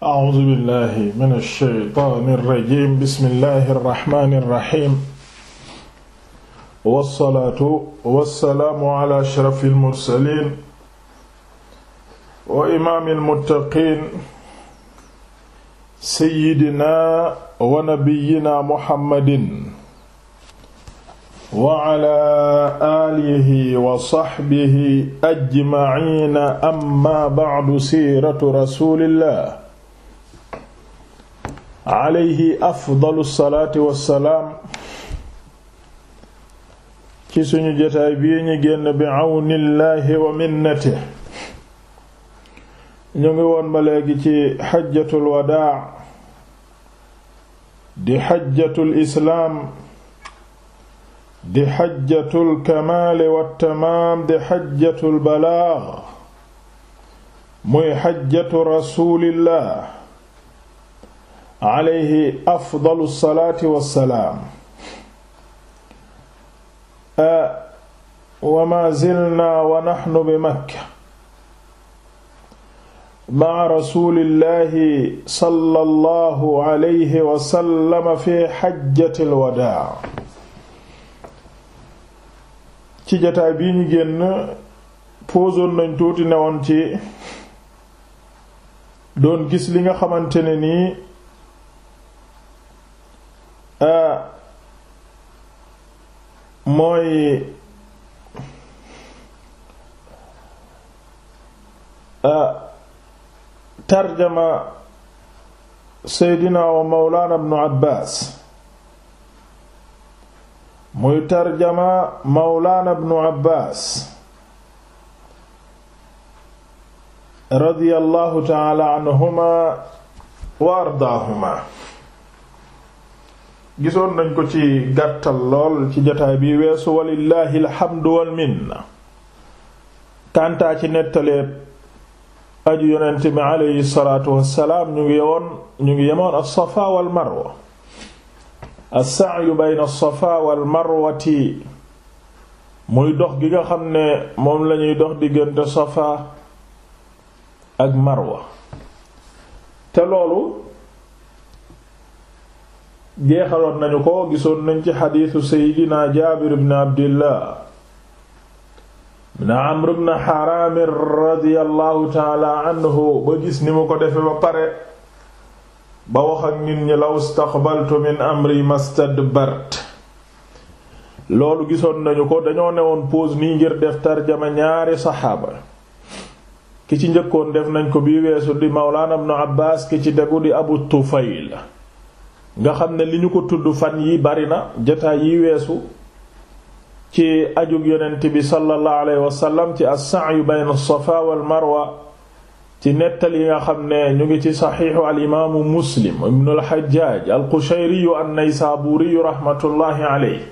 a'uuzu billahi mina shaytaani rajiim bismillahi rahmaani rahiim. wasalaatu wasalaamu ala ashrafil mursaliin. wa imaamil muttaqiin. sayyidinaa wa nabiyyinaa muhammadin. wa ala aalihi wa saxbihi ajmaciina amma bacdu siiratu rasuulillah. alayhi afdalu salaati wassalaam ci suñu jotaay bii ñu génn bi àwnillaahi wa minnati ñu ngi woon ma léegi ci xajjatul wadaa di xajjatul islaam di xajjatul kamaali wattamaam di xajjatul balaag muy xajjatu rasuulillah alayhi afdalu salaati wassalaam wa ma zilna wa naxnu bi makka ma'a rasuulillahi sallallahu alayhi wa sallam fi xajjatil wadaa ci jataay bii ñu génn posoon nañ tuuti newoon ci doon gis li nga xamante ne nii Euh, mooy euh, tarjama seydina wa mawlana ibnu abbaas muy tarjama mawlana ibnu abbaas radiyallahu taala anhuma wa ardaahuma gisoon nañ ko ci gàttal lool ci jataay bi weesu walillahi alhamdu wal minna kantaa ci nettalee aju yonent bi aleyhi salaatu wassalaam ñu ngi yewoon ñu ngi yemoon as-safa wal marwa as-sa'yu bayna as wal marwati muy dox gi nga xam ne moom lañuy dox diggante safa ak marwa te loolu jeexaloon nañu ko gisoon nañ ci xadiisu seydina jaabir bn abdillah bn amr bn radiallahu taala anhu ba gis ni mu ko defe ba pare ba wax ak nit ñi law staxbaltu min amri mastadbart loolu gisoon nañu ko dañoo woon pause nii ngir def tarjama ñaari saxaaba ki ci njëkkoon def nañ ko bii weesu di mawlaana bnu abbaas ki ci degu di abu tufayl nga xam ne li ñu ko tudd fan yi bari na jataay yi weesu ci ajug yonent bi sallallahu alayhi wasallam ci as-sa'yu bayna as-safa wal marwa ci nettal yi nga xam ne ñu ngi ci saxiixu al imaamu muslim ibnu al-hajjaj al-qushayriyu an-naysaburiyu rahmatullahi alayhi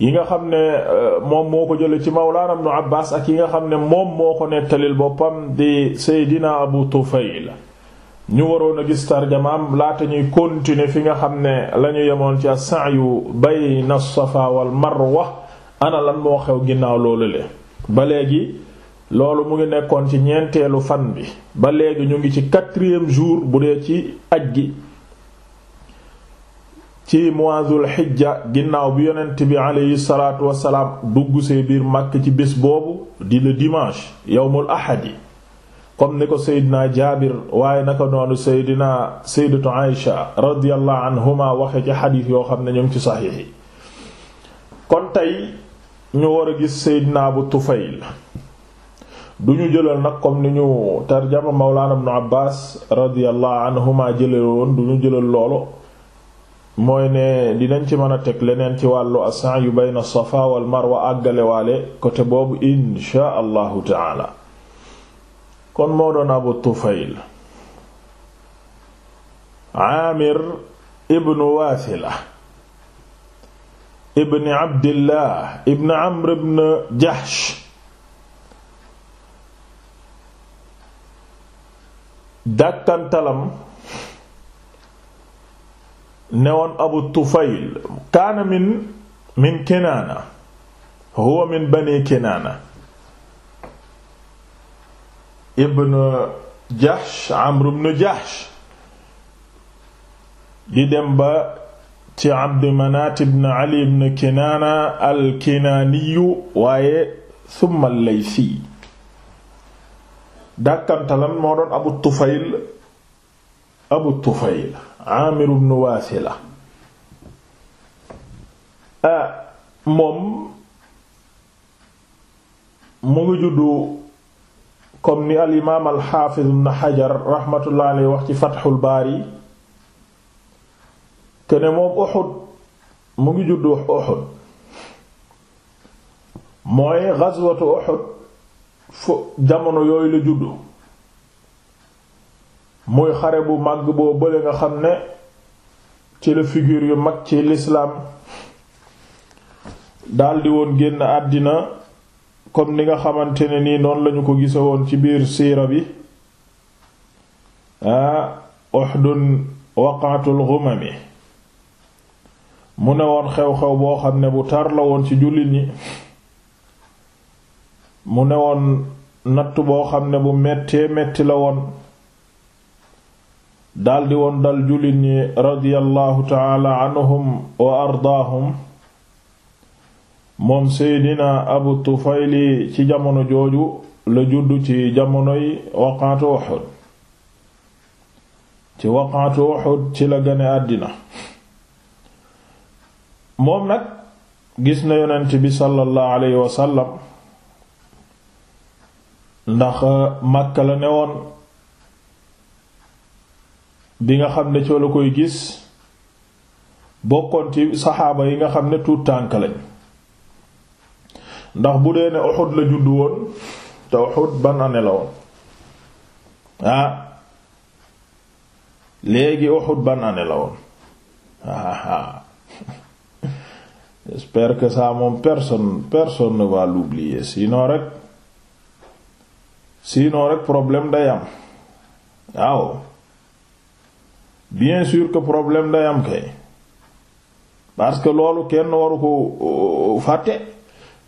yi nga xam ne euh, moom moo ko jële ci mawlaana ibnu abbas ak yi nga xam ne moom moo ko nettalil boppam di seydina abu tufayl ñu waroon a gis tarjamaam laata ñuy continuer fi nga xam ne lañu yemoon ci as-sa'yu bayna as-safa mar marwa ana moo xew ginnaaw loolu le ba léegi loolu mu ngi nekkoon ci ñeenteelu fan bi ba léegi ñu ngi ci quatrième jour bu dee ci aj gi ci mois dul xijja ginnaaw bi yonent bi aleyhi salaatu wasalaam dugg see biir màkk ci bis boobu di le dimanche yawmul ahad yi comme ni ko naa Jaabir waaye naka noonu Seydina Sayyidatu Aïcha radiyallahu anhuma waxe ci xadiis yoo xam ne ñoom ci saxiix yi kon tey ñu war a gis Seydina bu Tufayl du ñu jëlal nag comme nu ñu tarjama Mawlaana Ibnu Abbaas radiyallahu anhuma jëlal woon du ñu jëlal loolu mooy ne dinañ ci mën a teg leneen ci wàllu as-sa'yu bayna as-Safaa wal Marwa àggalewaale côté boobu inshaa Allahu taala kon moo doon abu tufayl aamir ibnu waasila ibni abdillah ibn amr ibn jahsh dàkkantalam newoon abu tufayl kaana min min kinaana huwa min bani kinaana ibn Jahsh Amr ibn Jahsh di dem ba ci Abdu Manaat Ali ibn Kinaana al-Kinaaniyu waaye thumma al-Laysi dàkkantalam moo Abu Tufayl Abu Tufayl Aamir ibn Waasila ah, moom mu ngi comme ni al imaam al xaafiz ibn xajar raxmatullahi wax ci fatxul baari kene moom Uhud mu ngi juddu Uhud mooy gazwatu Uhud fo jamono yooyu la juddu muy xare bu màgg boo bële nga xam ne ci la figure yu mag ci lislaam daldi woon génn àddina comme ni nga xamante ne nii noonu lañu ko gisa woon ci biir siira bi ah Uhdun waqatul ghumami mu ne woon xew-xew boo xam ne bu tar la woon ci jullit ñi mu ne woon natt boo xam ne bu mettee metti la woon daldi woon dal jullit ñi radiyallahu ta'ala anhum wa ardaahum moom seydina abu tufayli ci jamono jooju la juddu ci jamonoy waqaatu Uhud ci waqaatu Uhud ci la gane àddina moom nag gis na yonent bi sallallahu alayhi wasallam ndax makk la ne woon bi nga xam ne coo la koy gis bokkoon ci saxaaba yi nga xam ne tuut tànk lañ ndax bu dee ne Uhud la juddu woon te Uhud ban année la woon ah léegi Uhud ban année la woon ah, ah. j'espère que ça moom personne personne ne va l'oublier sinon rek sinon rek problème day am waaw bien sûr que problème day am kay parce que loolu kenn waru ko euh, fàtte.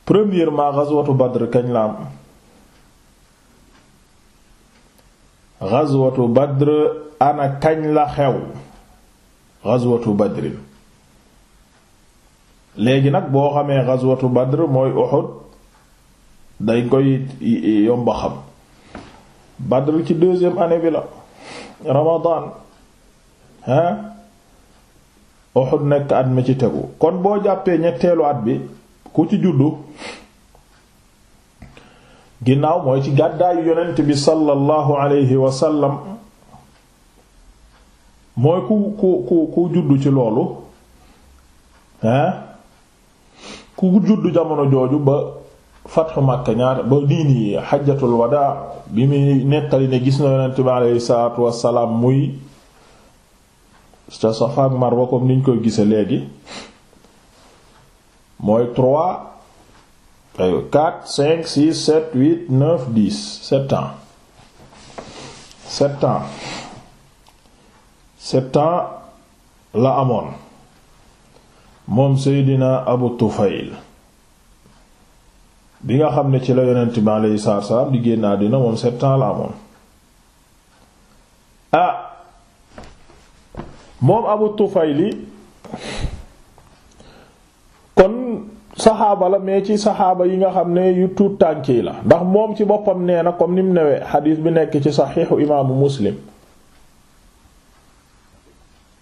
premièrement ghazwatu Badr kañ la am ghazwatu Badr ana kañ la xew ghazwatu Badr léegi nag boo xamee ghazwatu Badr mooy Uhud dañ koy yomba xam Badr ci deuxième année bi la Ramadan hein Uhud nekk at ci tegu kon boo jàppee ñetteelu at bi ku ci juddu ginnaaw mooy ci gàddaayu yonent bi sallallahu alayhi wa sallam mooy ku ku ku ku juddu ci loolu hein ku juddu jamono jooju ba fatxu Makka ñaata ba diini xajjatul wadaa bi muy nettali ne gis na yonent bi alayhi salaatu wassalaam muy ca Safa ak Marwa comme niñ koy gisee léegi mooy 3 4 5 6 7 8 9 10 7 ans 7 ans 7 ans la amoon moom Seydina Abu Tufayl bi nga xam ne ci la yonent bi alayhi salaatu salaam di génn dina moom 7 ans la amoon ah moom Abu Tufayli saxaaba la mais ci saxaaba yi nga xam ne yu tuut tànk la ndax moom ci boppam nee na comme ni mu newee xadiis bi nekk ci saxiixu imaamu muslim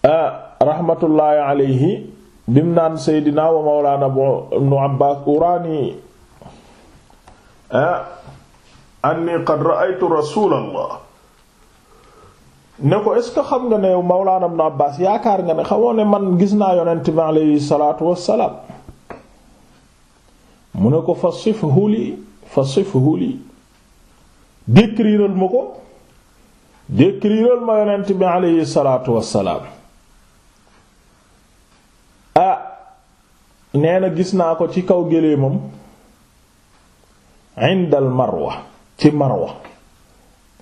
ah, raxmatullaahi alayhi bim naan seydinaa wa mawlaana ibnu abbaas uraani ah, anni ko est-ce que xam nga ne mawlaana abbaas yaakaar nga ne xamoo ne man gis naa yonent bi alayhi salaatu wassalaam mu ne ko fa sif huli fa sif huli décriral ma ko décriral ma yonent bi aleyhi salaatu wassalaam ah nee na gis naa ko ci kaw géléemam indal marwa ci marwa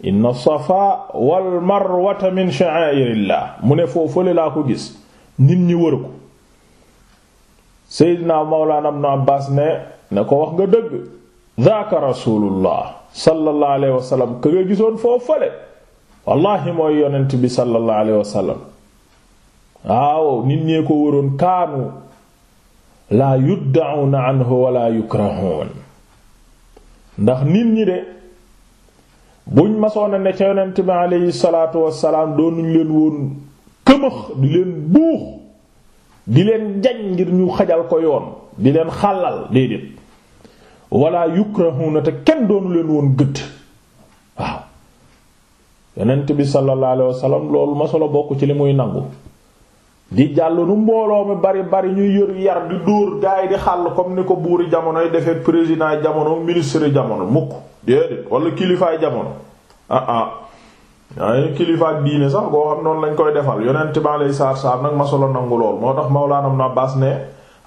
inna safa wal marwata min sha'airillah mu ne foofale laa ko gis nit ñi wër ko seydina mawlaana ibn abbaas ne na ko wax nga dëgg daaka rasulullah sallallahu alayhi wa sallam ka nga gisoon foofu wallahi mooy yonent bi sallallahu alayhi wa sallam waaw nit ñee ko waroon kaanu laa yudda'una anhu wala yukrahun ndax nit ñi de buñ masoona ne ca yonent bi alayhi salaatu wassalaam doonuñ leen woon këmëx di leen buux di leen jañ ngir ñu xajal ko yoon di leen xàllal déedéet wala yukrahuna te kenn doonu leen woon gëdd waaw yonent bi sallallahu alayhi loolu ma solo bokk ci li muy nangu di jàll nu mbooloo mi bari bari ñuy yër yar di dóor gaay di xàll comme ni ko buuri jamonoy defee président jamono ministre jamono mukk déedéet wala kilifaay jamono ah ah waaye kilifaak diine sax koo xam noonu lañ koy defal yonent bi alayhi salaam nag ma solo nangu lool moo tax mawlaana Abbaas ne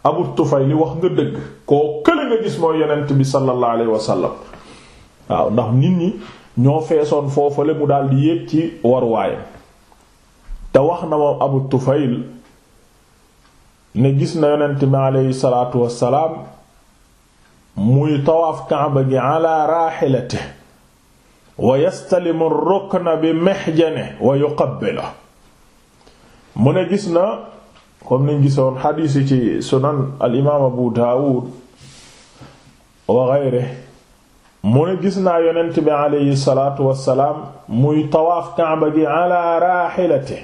Abu Tufayli wax nga nga gis mooy yonent bi sallallahu alayhi wa waaw ndax nit ñi ñoo feesoon foofale mu daal yéeg ci waruwaayam te wax na moom Abu Tufayl ne gis na yonent bi alayhi salaatu wassalaam muy tawaaf kaaba gi ala raxilate wa yastalimu bi mexjane wa yuqabbila mu ne gis na comme niñ gisoon xadiis ci sunan al imaam Abu Daawud wa xeyre mu ne gis naa yonent bi aleyhi salaatu wassalaam muy tawaaf kaaba gi ala raaxilate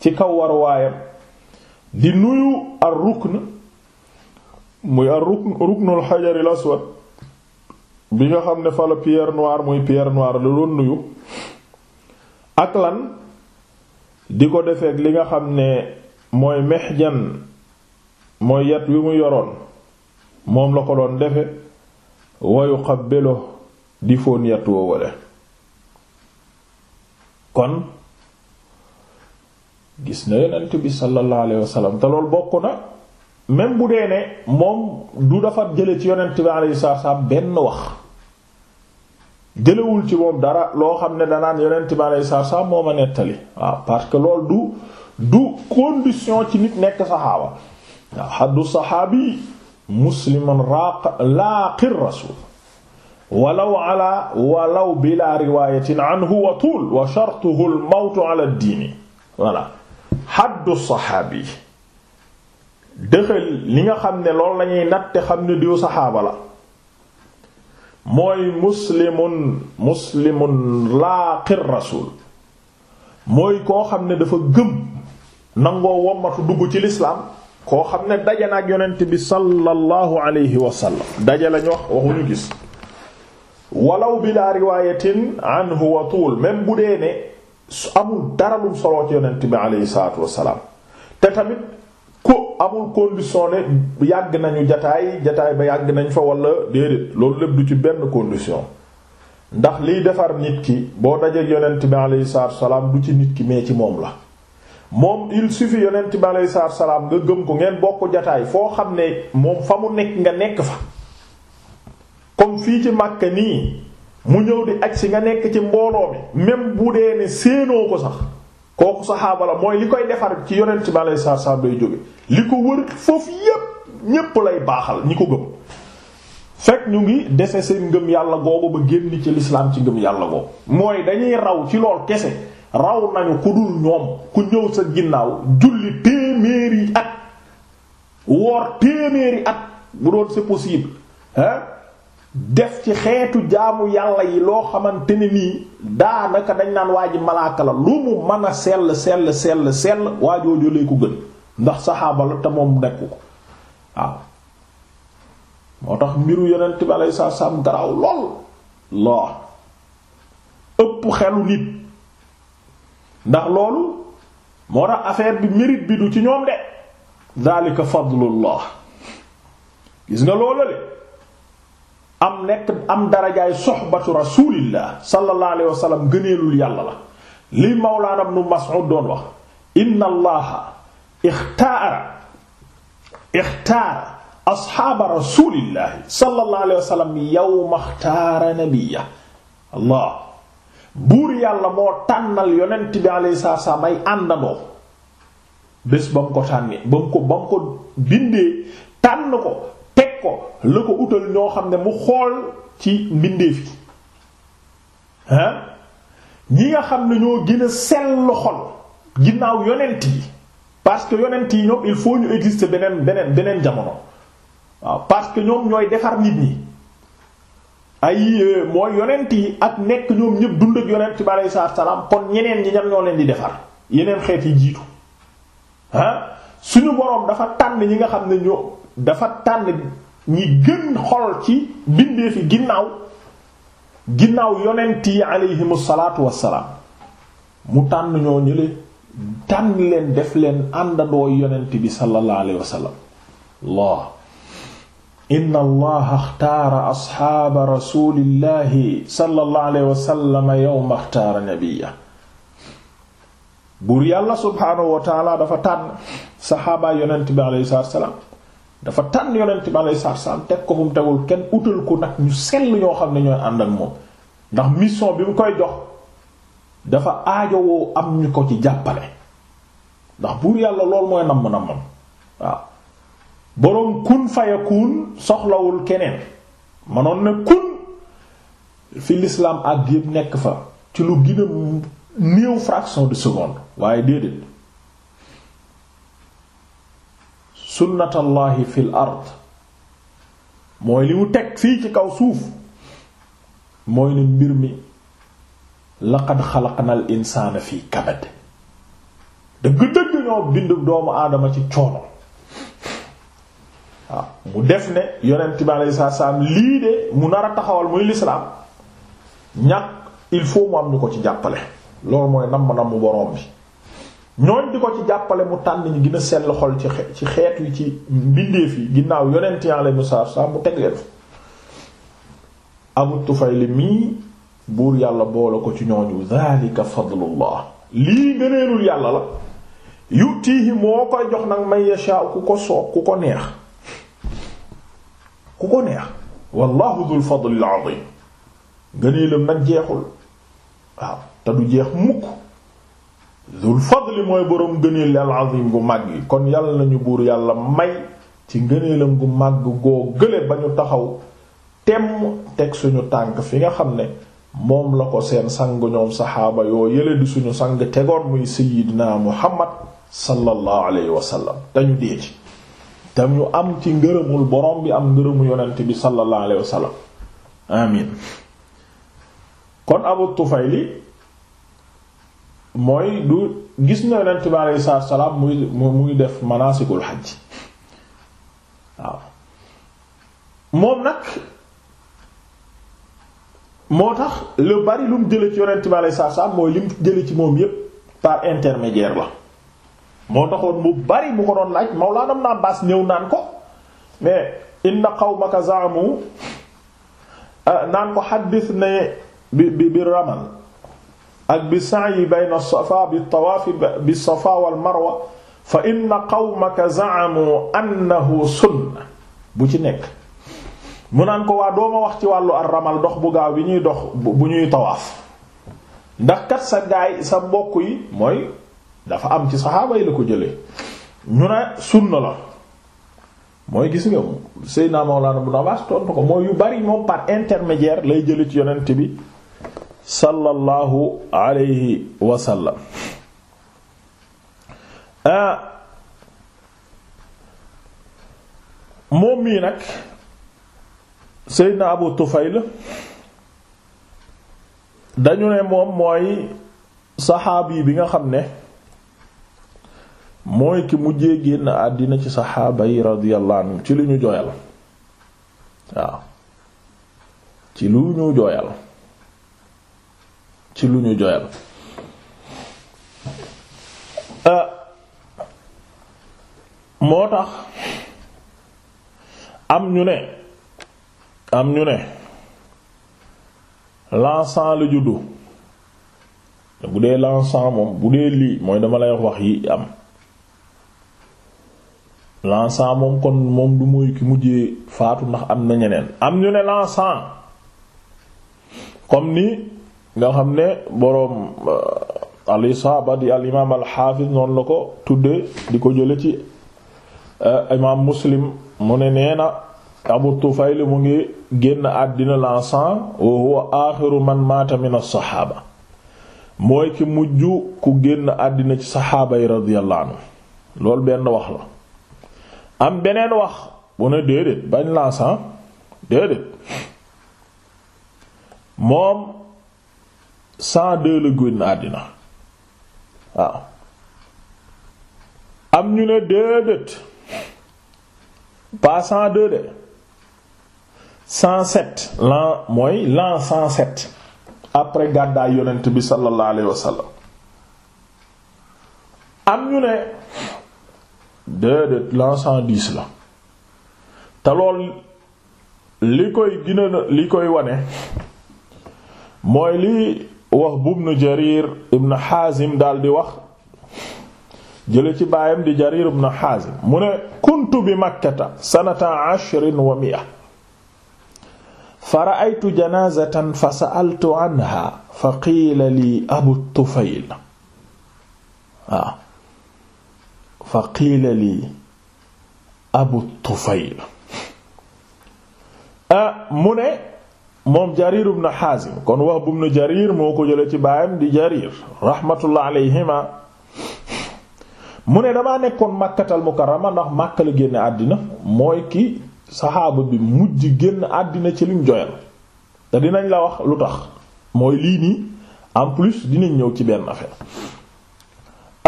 ci kaw war waayam di nuyu ar rukn muy ar rukn ruknul xajaril aswad bi nga xam ne fa pierre noire muy pierre noire la doon nuyu ak lan di ko defeek li nga xam ne mooy mexjan mooy yat wi mu yoroon moom la ko doon defe wa yuqabbilu di fóon yat woowale kon gis na yonent bi sallallahu alayhi te loolu bokk na même bu dee ne moom du dafa jële ci yonent bi alayhi salaam benn wax jëlewul ci moom dara loo xam ne danaan yonent bi alayhi salaam moo ma nettali waaw parce que lool du du condition ci nit nekk saxaaba waaw xaddu saxaabi musliman raaq laaqi rasul walaw ala walaw bila riwayatin anhu wa tuul wa shartuhu al mawtu diini voilà xaddu saxaabi dëxal li nga xam ne loolu lañuy natte xam ne diw saxaaba la mooy muslimun muslimun laaqi rasul mooy koo xam ne dafa gëm nangoo wommatu dugg ci lislaam koo xam ne daje na ak yonent bi sallallahu alayhi wa sallam daje lañu wax waxuñu gis bi bila riwaayatin anhu wa tuul même bu dee ne amul dara lu soloo ci yonent bi alayhi salaatu wa te tamit ku amul condition ne yàgg nañu jataay jataay ba yàgg nañ fa wala déedéet loolu lépp du ci benn condition ndax liy defar nit ki boo dajee yonent bi alayhi salaatu wa salaam du ci nit ki mais ci moom la moom il suffit yonent bi aleyhi salaam nga gëm ko ngeen bokk jataay foo xam ne moom fa mu nekk nga nekk fa comme fii ci Makka nii mu ñëw di aj si nga nekk ci mbooloo mi même bu dee ne séenoo ko sax kooku saxaaba la mooy li koy defar ci yonent bi aleyhi salaatu salaam lay jóge li ko wër foofu yépp ñépp lay baaxal ñi ko gëm fekk ñu ngi dese seen ngëm yàlla googu ba génn ci lislaam ci ngëm yàlla googu mooy dañuy raw ci lool kese raw nañu ku dul ñoom ku ñëw sa ginnaaw julli téeméeri at woor téeméeri at bu doon c'est possible hein def ci xeetu jaamu yàlla yi loo xamante ne nii daanaka dañ naan waa ji malaaka la lu mu mën a sell sell sell sell waajooju lay ko gën ndax saxaaba te moom nekk ko waaw moo tax mbiru yonent bi aleyhi salaatu garaaw lool loo ëpp xelu nit ndax loolu moo tax affaire bi mérite bi du ci ñoom de daalika fadlullah gis nga loolu le am nekk am darajaay soxbatu rasulillah sallallahu alayhi wa sallam gëneelul yàlla la li mawlaana ibn Mas'ud doon wax inna allaha ixtaara ixtaara asxaaba rasulillahi sallallahu alayhi wa sallam yawma ixtaara nabiyya allah buur yàlla moo tànnal yonent bi alayhi salaam ay àndandoo bés ba mu ko tànnee ba mu ko ba mu ko bindee tànn ko teg ko la ko utal ñoo xam ne mu xool ci mbindeef yi ah ñi nga xam ne ñoo gën a sell xol ginnaaw yonent yi parce que yonent yi ñoom il faut ñu exister beneen beneen beneen jamono waaw ñoom ñooy defar nit ñi ay euh, mooy yonent yi ak nekk ñoom ñëpp dund ak yonent bi aleyhi salaatu salaam kon ñeneen ñi ñam ñoo leen di defar yeneen xeet yi jiitu suñu boroom dafa tànn ñi nga xam ne ñoo dafa tànn ñi gën xol ci bindee fi ginnaaw ginnaaw yonent yi aleyhimu salaatu wa salaam mu tànn ñoo ñële tànn leen def leen àndandoo yonent bi sallallahu alayhi wa inna allaha axtaara asxaaba rasulillahi sallallahu alayhi wa sallam yawma axtaara nabiyya buur yàlla subhaanahu wa dafa tànn saxaabaa yonent bi alayhi salaam dafa tànn yonent bi alayhi salaatu salaam teg ko fu tegul kenn utal ko nag ñu sell ñoo xam ne ñooy àndal ak moom ndax mission bi mu koy jox dafa aajowoo am ñu ko ci jàppale ndax buur yàlla lool mooy namm nammam waaw boroom kun fayakun soxlawul keneen manoon na kun fi l'islam ak yépp nekk fa ci lu gën a néew fraction de seconde waaye déedéet sunnatallahi fil ard mooy li mu teg fii ci kaw suuf mooy ne mbir mi laqad xalaqnal insaana fii kabad dëgg-dëgg ñoo bind doomu aadama ci coono waaw mu def ne yonent bi alayhi salaam lii de mu nar a taxawal muy lislaam ñàkk il faut mu am ñu ko ci jàppale loolu mooy namm namm boroom bi ñooñ di ko ci jàppale mu tànn ñi gën a sell xol ci xeet wi ci mbindeef yi ginnaaw yonent yi alayhi salaam mu teg leen Abu Tufayl mii buur yàlla boole ko ci ñooñu zalika fadlullah lii ngëneelul yàlla la yutihi moo koy jox nag may yasha ku ko soob ku ko neex ku ko neex wallahu dhul fadlil azim ngëneelam nag jeexul waaw te du jeex mukk dhul fadli mooy boroom ngëneel al gu màgg yi kon yàlla nañu buur yàlla may ci ngëneelam gu màgg goo gële ba ñu taxaw temm teg suñu tànk fi nga xam ne moom la ko seen sang ñoom saxaaba yoo yële di suñu sang tegoon muy sayyidina muhammad sallallahu alayhi wa dañu dee te ñu am ci ngërëmul borom bi am ngërëmu yonent bi sallallahu alayhi wa sallam amin kon Abu Tufayli mooy du gis na yonent bi alayhi salaatu salaam muy muy def manasikul xaj waaw moom nag moo tax lu bari lu mu jële ci yonent bi alayhi salaatu salaam mooy li mu jële ci moom yépp par intermédiaire la moo taxoon mu bari mu ko doon laaj Mawlaana Ibn Abbaas ñëw naan ko mais inna qawmaka za'amu ah, naan ko xaddis ne bi bi bi ramal ak bi sa'yi bayna safa bi tawaafi bi safa wal marwa fa inna qawmaka za'amu annahu sunna bu ci nekk mu naan ko waa dooma wax ci wàllu ar ramal dox bu gaaw bi ñuy dox bu ñuy tawaaf ndax kat sa gaay sa mbokk yi mooy dafa am ci saxaaba yi la ko jële ñu ne sunna la mooy gis nga Seydina Mawlana Ibn Abbas ko mooy yu bari moom par intermédiaire lay jëlee ci yonent bi sallallahu alayhi wa sallam ah, moom mii nag Seydina Abu Tufayl dañu ne moom mooy saxaabi bi nga xam ne. mooy ki mujjee génn àddina ci saxaaba yi radiyallahu ci lu ñu jooyal waaw ci lu ñu jooyal ci lu ñu jooyal euh, moo tax am ñu ne am ñu ne l'encens la juddu bu dee l'encens moom bu dee lii mooy dama lay wax yi am l'encens moom kon moom du mooy ki mujjee faatu ndax am na ñeneen am ñu ne l'encens comme ni nga xam ne boroom euh, al isaaba di al imaam al xaafis noonu la ko tudde di ko jële ci euh, imaam muslim mu ne nee na abu tufayl mu ngi génn àddina l'encens wa huwa aaxiru man maata min saxaaba mooy ki mujj ku génn àddina ci saxaaba yi radiyallahu benn wax la am beneen wax bu ne déedéet bañ laa san moom cent deux la àddina waaw am ñu ne déedéet pas cent deux de cent sept mooy l'an cent sept après gàddaay yonent bi sallallahu alayhi wa am ñu ne déedéet l'an la te lool li koy gina li koy wane mooy li wax ibn Jarir ibn Hazim daal di wax jële ci baayam di Jarir ibn Hazim mu ne kuntu bi makkata sanata ashrin wa mi'a fa ra'aytu janazatan fa sa'altu anha fa qiila li Abu Tufayl fa qiila lii abu tufayl ah, mu ne moom jarir ibn Hazim kon Wahb ibn jarir moo ko jële ci baayam di jarir rahmatullah alayhima mu ne dama nekkoon màkkatal mukarrama ndax màkka la génn àddina mooy ki saxaaba bi mujj génn àddina ci lim joyal te dinañ la wax lu tax mooy lii nii en plus dinañ ñëw ci benn affaire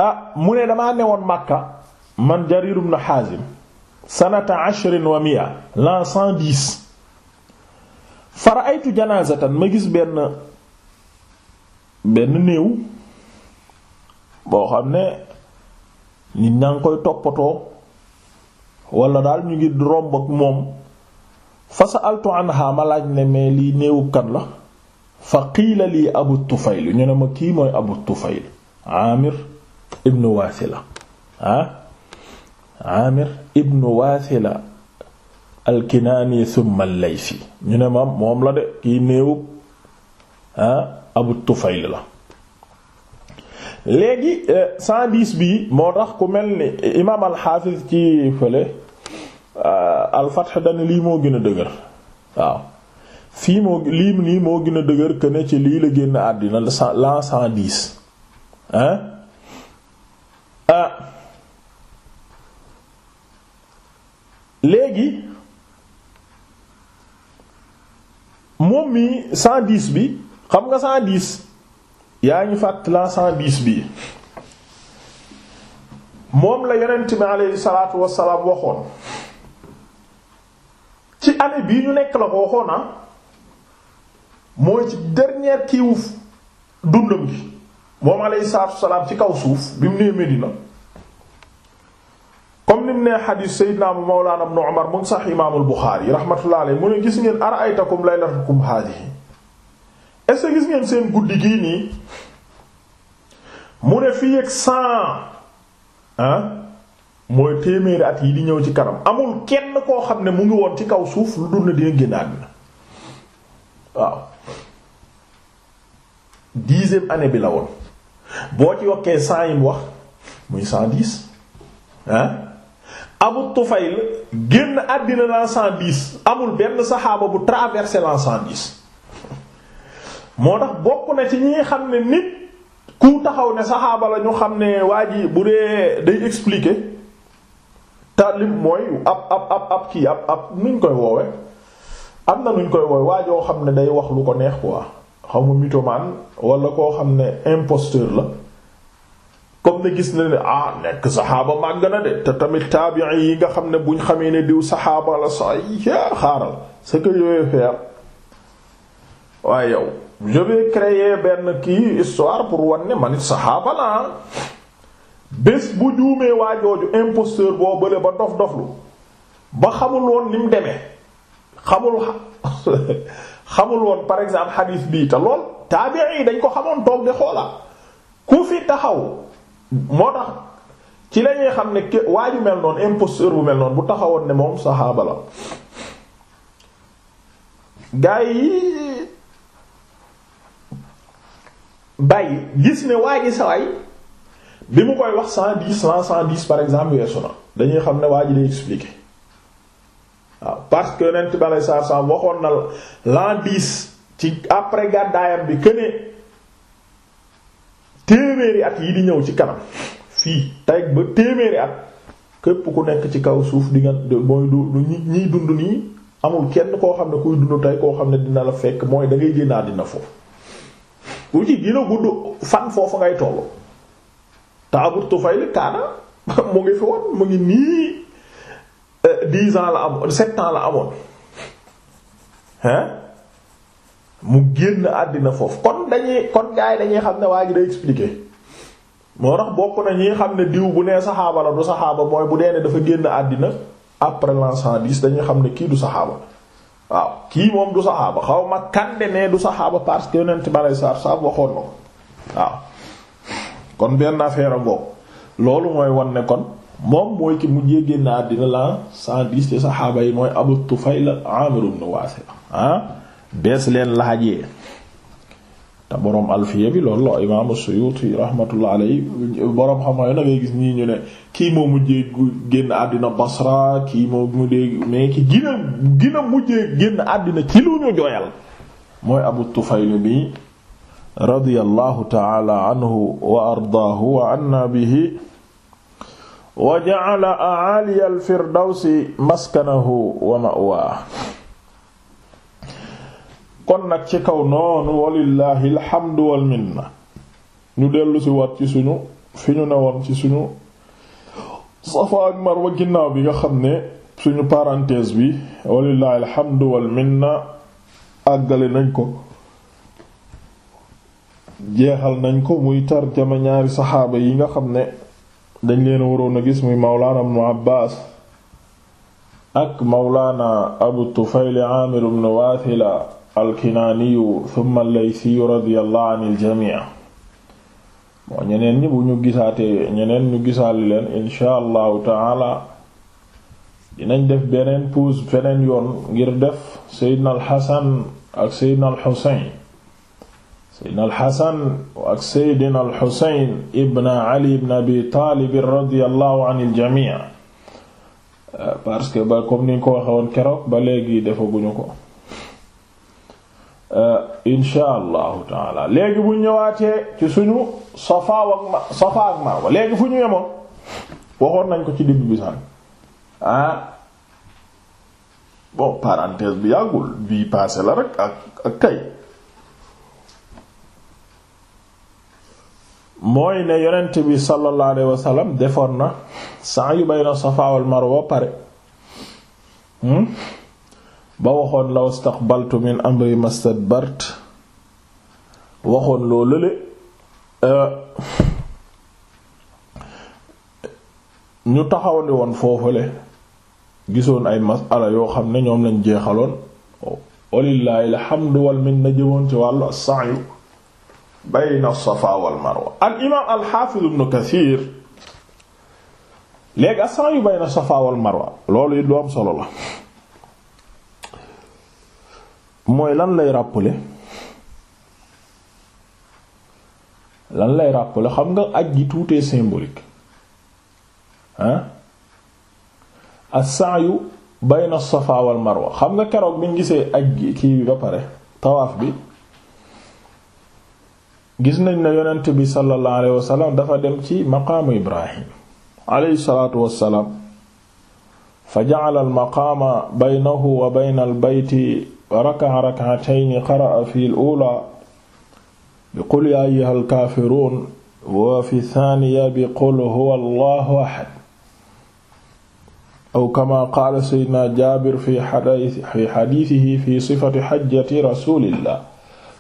ah mu ne damaa newoon màkka man Jarir ibn Hazim sanata ashrin wa mia l'an ma gis benn benn néew boo xam ne nit ñaa ngi koy toppatoo walla daal ñu ngi romb ak moom fa sa'altu anha ma laaj ne mais lii néewu kan la fa qiila lii abu tufayl ñu ne ma kii mooy abu tufayl amir ibn wasila ah amir ibnu waasila alkinaani thumma al ñu ne moom moom la de kii néewub ah, abu tufayl la léegi 110 eh, bi moo tax ku mel ni imaam alxaafiz ci fële eh, alfatx dana lii moo gën a dëgër waaw fii moo lii nii moo gën a dëgër que ci lii la génn àddina la 110 hein ah, léegi moom mi 110 bi xam nga diis yaa ñu fàtt la 110 bi moom la yonent bi aleyhi salaatu wassalaam waxoon ci année bii ñu nekk la ko waxoon na ah mooy ci dernier kiiwu dundam gi moom aleyhi salaatu wassalaam ci kaw suuf bi mu nee Medina comme nim nee xadiis Seydina bu Mawlaana Ibnu Umar mu ngi sax imaamul Buxaari rahmatullahi alayhi mu ne gis ngeen ara'aytakum laylatakum haadihi est ce que gis ngeen seen guddi gii nii mu ne fi ak cent ah mooy téeméeri at yi di ñëw ci kanam amul kenn koo xam ne mu ngi woon ci kaw suuf lu dul ne dina génn àddina waaw dixième année bi la woon boo ci yokkee cent yi mu wax muy cent dix ah Abu Tufayl génn àddina l'an 110 amul benn saxaaba bu traversé l'an 110 moo tax bokk na ci ñi xam ne nit ku taxaw ne saxaaba la ñu xam ne waa ji bu dee day expliquer taalim mooy ab ab ab ab kii ab ab nuñ koy woowe am na nuñ koy woowe waa joo xam ne day wax lu ko neex ko xaw ma mythomane walla koo xam ne imposteur la. comme ne gis na ne ah nekk saxaaba màgg na de te tamit taabi'i yi nga xam ne buñ xamee ne diw saxaaba la sa yaa xaaral ce que je vais waaye yow je vais créer benn kii histoire pour wan ne man it saxaaba la ah. bés bu juumee waa jooju imposteur boo bële ba dof doflu ba xamul woon ni mu demee xamul xamul woon par exemple hadith bii te lool taabi'i yi dañ ko xamoon toog de xoola ku fi taxaw. moo tax ci lañuy xam ne ke waa ju mel noonu imposteur bu mel noonu bu taxawoon ne moom saxaaba la gaa yi gis ne waa ji saway bi mu koy wax cent dix lan cent dix par exemple weesu na dañuy xam ne waa ji day expliquer waaw parce que nent balay sar sam waxoon na l'an ci après gàddaayam bi que téeméeri at yi di ñëw ci kanam fii tey ba téeméeri at képp ku nekk ci kaw suuf di nga mooy du ñi ñiy dund nii amul kenn koo xam ne kuy dund tey koo xam ne dina la fekk mooy dangay ngay génnaa dina foofu ku ci dina gudd fan foofu ngay tollu te Abu Tufayl kaana mu ngi fi woon mu ngi nii eh, dix la amoon sept ans la amoon hein mu génn àddina foofu kon dañuy kon gars yi dañuy xam ne waa gi day expliquer moo tax bokk na ñi xam ne diw bu nee saxaaba la du saxaaba mooy bu dee ne dafa génn àddina après l'an 110 dañuy xam ne kii du saxaaba waaw kii moom du saxaaba xaw ma kande ne du saxaaba parce que yonent ma lay saar saab waxoon na ko waaw kon benn affaire a loolu mooy won ne kon moom mooy ki mujjee génn àddina l'an 110 te saxaaba yi mooy Abu Tufayl Amir ibn Wasila ah. bees leen laajee te boroom alfiya bi loolu la imaamu Suyuti boroom xam-xam da ngay gis ñii ñu ne kii moo mujjee génn àddina Basra kii moo mujjee mais gina gina mujjee génn àddina ci lu ñu jooyal mooy Abu Tufayl bi radiyallahu ta'ala anhu wa ardaahu wa anna bihi wa ja'ala a'ali al-firdawsi maskanahu wa ma'waahu kon nag ci kaw noonu walillahi alhamdu wal ñu dellu si ci suñu fi ñu newoon ci suñu Safa ak Marwa ginnaaw bi nga xam ne suñu parenthèse bi walillahi alhamdu wal minna àggale nañ ko jeexal nañ ko muy tarjama ñaari saxaaba yi nga xam ne dañ leen waroon a gis muy mawlaana ibnu Abbaas ak mawlaana Abu Tufayl Aamir ibnu Waasila alkinaaniyu thumma allaysiyu radiyallahu anil jamii moo ñeneen ñi bu ñu gisaatee ñeneen ñu gisaali leen insha allahu taala dinañ def beneen pause feneen yoon ngir def seydna alxasan ak seydna alxuseyn seydna alxasan ak seydna ali ibn abi taalib radiyallahu anil jamii parce que ba comme niñ ko waxewoon keroog ba léegi defaguñu ko Euh, insha allahu taala léegi bu ñëwaatee ci suñu safa ak ma safa ak marwa léegi fu ñu yemoon waxoon nañ ko ci digg bi sànni ah bon parenthèse bi yàggul bii passé la rek ak ak kay mooy ne yonent bi sallallahu alayhi wa defoon na sa'i bayna safa wal marwa pare hmm? ba waxoon law staqbaltu min amri mastadbart waxoon loo lële euh, ñu taxawandi woon foofule gisoon ay masala yoo xam ne ñoom lañ jeexaloon walillahi alhamdu wal minna jëmoon ci wàllu as-sa'yu bayna as-safa wal marwa al imaam al haafiz ibn kathir léegi as-sa'yu bayna as-safa wal marwa loolu it lu am solo la mooy lan lay rappeler lan lay rappeler xam nga aj gi tout est symbolique ah as bayna as wal marwa xam nga keroog bi ñu gisee aj gi kii bi ba pare tawaaf bi gis nañ ne yonent bi sallallahu alayhi wasallam dafa dem ci maqaamu ibrahim alayhi salaatu wassalaam fa ja'ala al-maqaama baynahu wa bayna al-bayti raka'a rak'atayni qara'a fi al-ula bi qul ya ayyuhal kafirun wa fi thaniya bi qul huwa allahu ahad aw kama qaala sayyidina jaabir fi xadiisihi fi sifati xajjati rasulillah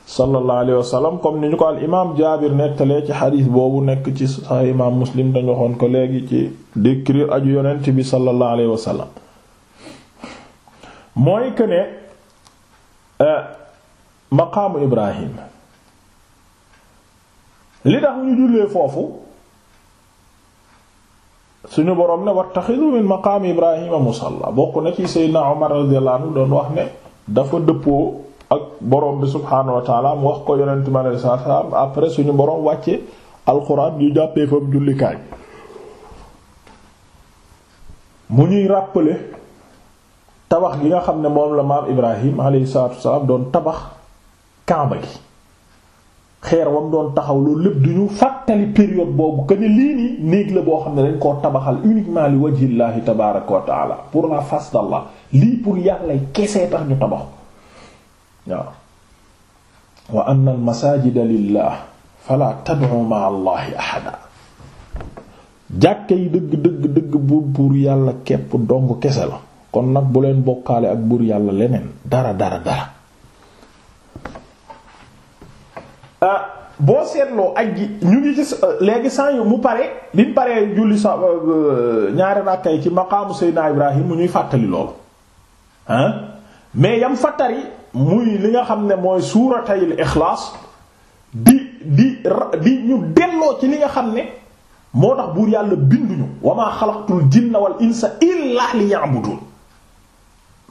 sallallahu alayhi wa sallam comme ni ñu ko al imaam jaabir nettalee ci xadiis boobu nekk ci saxiix imaam muslim dañu waxoon ko léegi ci décrire aju yonent bi sallallahu alayhi wa sallam mooy que ne Euh, maqaamu Ibrahim li tax ñu jullee foofu suñu boroom ne wattaxidu min maqaamu Ibrahima musalla bokk na ci Seydina Omar radiyallahu anhu doon wax ne dafa dëppoo ak boroom bi subhaanahu wa taala wax ko yonent mi alayhi salaatu après suñu boroom wàcce alxuraan yu jàppee foofu jullikaay mu ñuy rappeler tabax gi nga xam ne moom la maam Ibrahim alayhi salaatu wasalaam doon tabax Kaaba gi xeer wam doon taxaw loolu lépp du ñu fàttali période boobu que ne lii nii néeg la boo xam ne dañ koo tabaxal uniquement li wajhillaahi tabaaraka wa taala pour la face d'Allah lii pour yàllay kesee tax ñu tabax waaw wa anna al masajida lillah fala tad'u ma'a allahi ahada jàkke yi dëgg dëgg dëgg buur buur yàlla képp dong kese la kon nag bu leen bokkaale ak buur yàlla leneen dara dara dara ah, boo seetloo ak gi ñu ngi ci léegi saa mu pare liñ paree julli sa euh, euh, ñaari rakkay ci maqaamu Seydina Ibrahim mu ñuy fàttali loolu mais yam fàttari muy li nga xam ne mooy suuratayil ixlaas di di di ñu delloo ci li nga xam ne moo tax buur yàlla binduñu wa maa xalaqtul jinna wal insa illaa liya'budun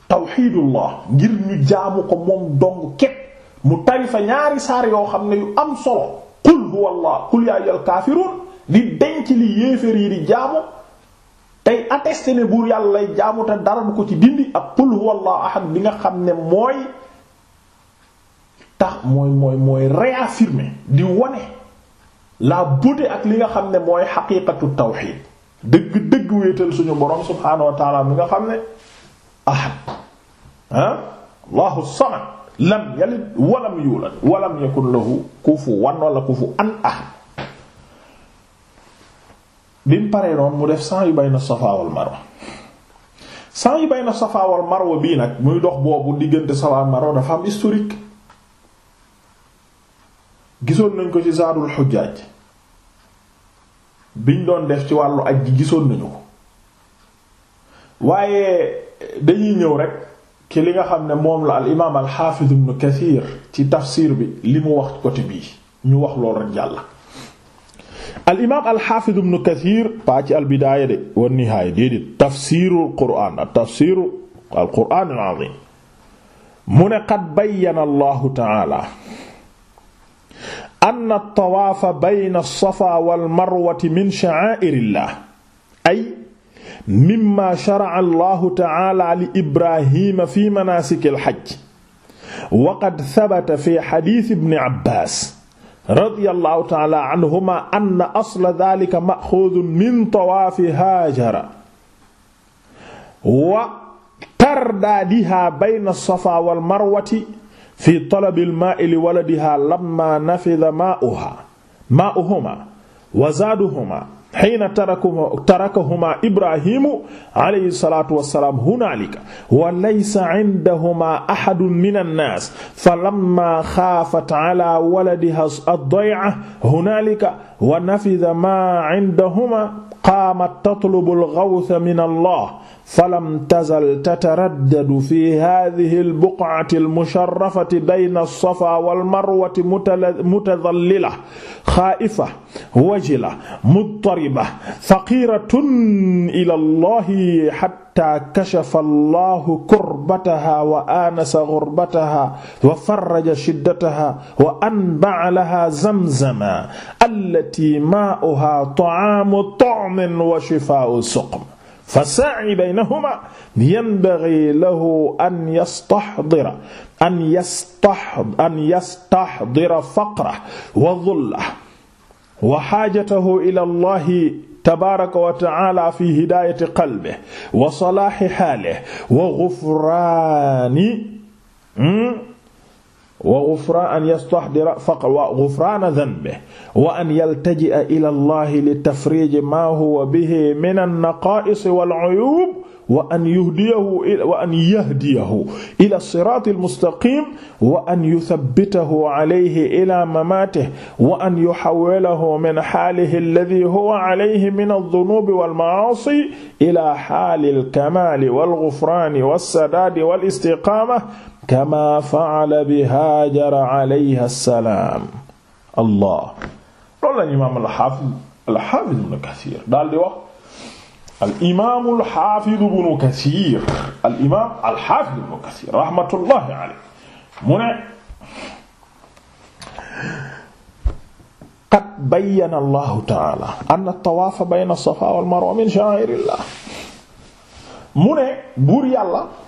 tawxiidullah ngir ñu jaamu ko moom dong képp mu tari fa ñaari saar yoo xam ne yu am solo qul huwa qul yaa ayyuhal di denc li yéeféer yi di jaamu tey attesté ne buur yàlla lay jaamu te dara du ko ci dindi ak qul huwa allah bi nga xam ne mooy tax mooy mooy mooy réaffirmer di wone la beauté ak li nga xam ne mooy xaqiiqatu tawxiid dëgg dëgg wéetal suñu borom subhaanahu wa taala mi nga xam ne ahad ah Allahu samad lam yalid walam yulad walam yakun lahu kufuwan wala kufuwan ahad bi mu paree noonu mu def sa'i bayna na wal marwa sa'i bayna safa wal marwa bii nag muy dox boobu diggante safa wal marwa dafa am historique gisoon nañ ko ci zaadul xujjaaj biñ doon def ci wàllu ak gi gisoon nañu ko waaye dañuy ñëw rek ki li nga xam ne moom la al imaam al xaafiz ibn kathir ci tafsir bi li mu wax côté bii ñu wax loolu rek jàll al imaam al xaafiz ibn kathir paa ci al bidaaya de wa nihaaya déedéet tafsirul qur'aan ak tafsiru al qur'aan al azim mu ne qad bayyana allahu ta'ala anna at-tawaafa bayna as-safaa wal marwati min sha'aa'iri llah ay mimma shara'a allahu ta'ala li ibrahima fi manasik al-hajj wa qad thabata fi hadith ibn abbas radiyallahu ta'ala anhuma anna asla dhalika ma'khudun min tawaafi haajara wa tardaadiha bayna as-safa wal marwati fi talabi al-maa'i li waladiha lamma nafida maa'uha maa'uhuma wa zaaduhuma xiina tarakahuma ibrahimu alayhi salatu wasalaam hunaalika wa laysa indahuma ahadun min annaas fa lamma xaafat ala waladiha ad-day'a hunaalika wa nafida ma indahuma qaamat tatlubu al-ghawtha min allah falam tazal tataraddadu fi hadhihi albuq'ati almusharrafati bayna as-safa wal marwati mutadallila xaa'ifa wajila mudtariba faqiratun ila allahi hatta kashafa allahu kurbataha wa anasa gurbataha wa farraja shiddataha wa anba'a laha zamzama allati ma'uha ta'amu ta'min wa shifaa'u suqm fa saa'i baynahuma yanbaghi lahu an yastahdira an yastahd an yastahdira faqra wa dhulla wa haajatahu ila allahi tabaaraka wa ta'aala fi hidaayati qalbihi wa salaahi haalihi wa ghufraani wa gufraan an yastahdira faq wa gufraana danbe wa an yaltaji'a ila allahi li tafriji maa huwa bihi min annaqaa'isi wal uyuub wa an yuhdiyahu wa an yahdiyahu ila siraati almustaqiim wa an yuthabbitahu alayhi ila mamaatihi wa an yuhawwilahu min haalihi alladhii huwa alayhi min adh-dhunuubi wal ma'aasi ila haali alkamaali wal gufraani was sadaadi wal istiqaama kama faala bi haajara alayha salaam allah loolu lañu imaam alxaafid alxaafid bnu kasiir daal di wax alimaam alxaafid bnu kasiir alimaam alxaafid bnu kasiir raxmatullahi alayhi mu ne qad bayyana allahu taala anna tawaafa bayna safaa wal marwa min sha'airillah mu ne buur yàlla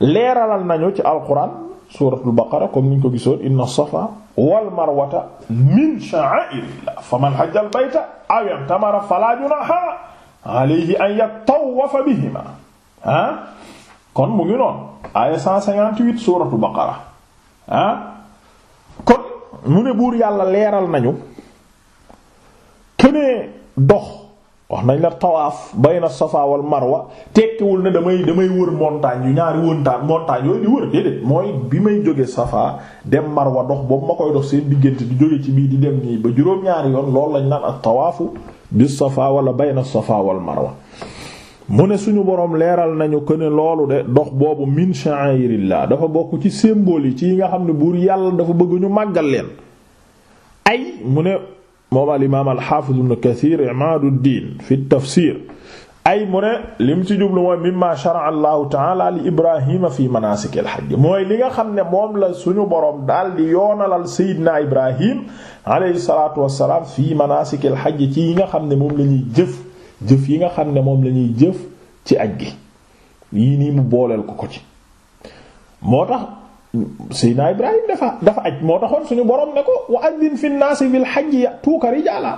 leeralal nañu ci alquran suuratul baqara comme niñ ko gisoon inna safa wal marwata min sha'a'irillah faman hajja al bayta aw i'tamara fala junaha alayhi an yatawafa bihima ah kon mu ngi noonu aaya baqara ah kon mu ne buur yàlla leeral nañu kenee dox wax nañ la tawaaf bayna safa wal marwa tekkiwul ne damay damay wër montagne yu ñaari wëntaan montagne yooyu di wër déedéet mooy bi may jóge safa dem marwa dox boobu ma koy dox seen diggante di jóge ci bii di dem nii ba juróom-ñaari yoon loolu lañ naan ak tawaafu di safa wala bayna safa wal marwa mu ne suñu boroom leeral nañu ko ne loolu de dox boobu min sha'irillah dafa bokk ci symbole yi ci yi nga xam ne buur yàlla dafa bëgguñu màggal leen ay moom al imaam al xaafiz ibn Kasiir Imaaduddiin fi tafsiir ay mu ne li mu ci jublu mooy mimma shara'a Allahu ta'ala li Ibrahima fi manaasikil mooy li nga xam ne moom la suñu boroom daal di yoon yoonalal Seydina Ibrahim alayhi salaatu wa salaam fi manaasikil hajj ci yi nga xam ne moom la ñuy jëf jëf yi nga xam ne moom lañuy jëf ci aj gi yii nii mu booleel ko ko ci moo tax Seydina Ibrahim dafa dafa aj moo taxoon suñu borom ne ko wa addin fi naasi bil hajji ya'tuuka rijaala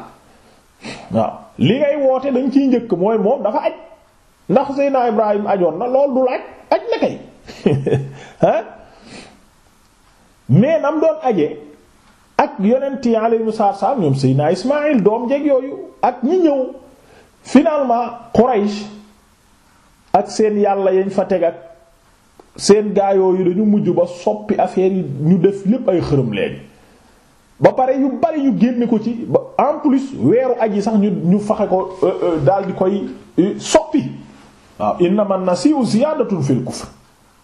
waaw li ngay woote dañ ciy njëkk mooy moom dafa aj ndax Seydina Ibrahim ajoon na lool du laaj aj na kay ah mais nam doon aje ak yonent yi alayhimu salaam ñoom Seydina Ismaïl doom jeeg yooyu ak ñi ñëw finalement Quraysh ak seen yàlla yañ fa teg ak seen gaa yooyu dañu mujj ba soppi affaire yi ñu def lépp ay xërëm léegi ba pare yu bari yu génne ko ci ba en plus weeru yi sax ñu ñu faxe ko euh, euh, daal di koy euh, soppi waaw innama nasiu ziyaadatun fil kufr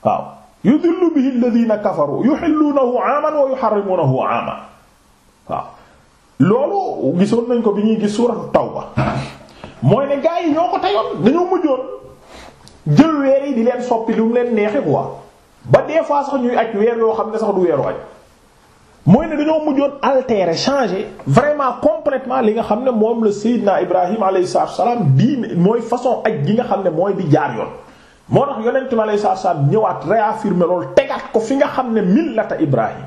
waaw yudillu bihi alladhina kafaru yuhillunahu aaman wa yuharrimunahu aaman waaw loolu gisoon nañ ko bi ñuy gis suuratu tawba mooy ne gaa yi ñoo ko teyoon dañoo mujjoon jël weer yi di leen soppi lu mu leen neexee quoi ba des fois sax ñuy aj weer yoo xam ne sax du weeru aj mooy ne dañoo mujjoon altérer changer vraiment complètement li nga xam ne moom la Seydina Ibrahim alayhi salaam diine mooy façon aj gi nga xam ne mooy di jaar yoon. moo tax yonent mi alayhi salaam ñëwaat réaffirmer loolu tegaat ko fi nga xam ne millata Ibrahim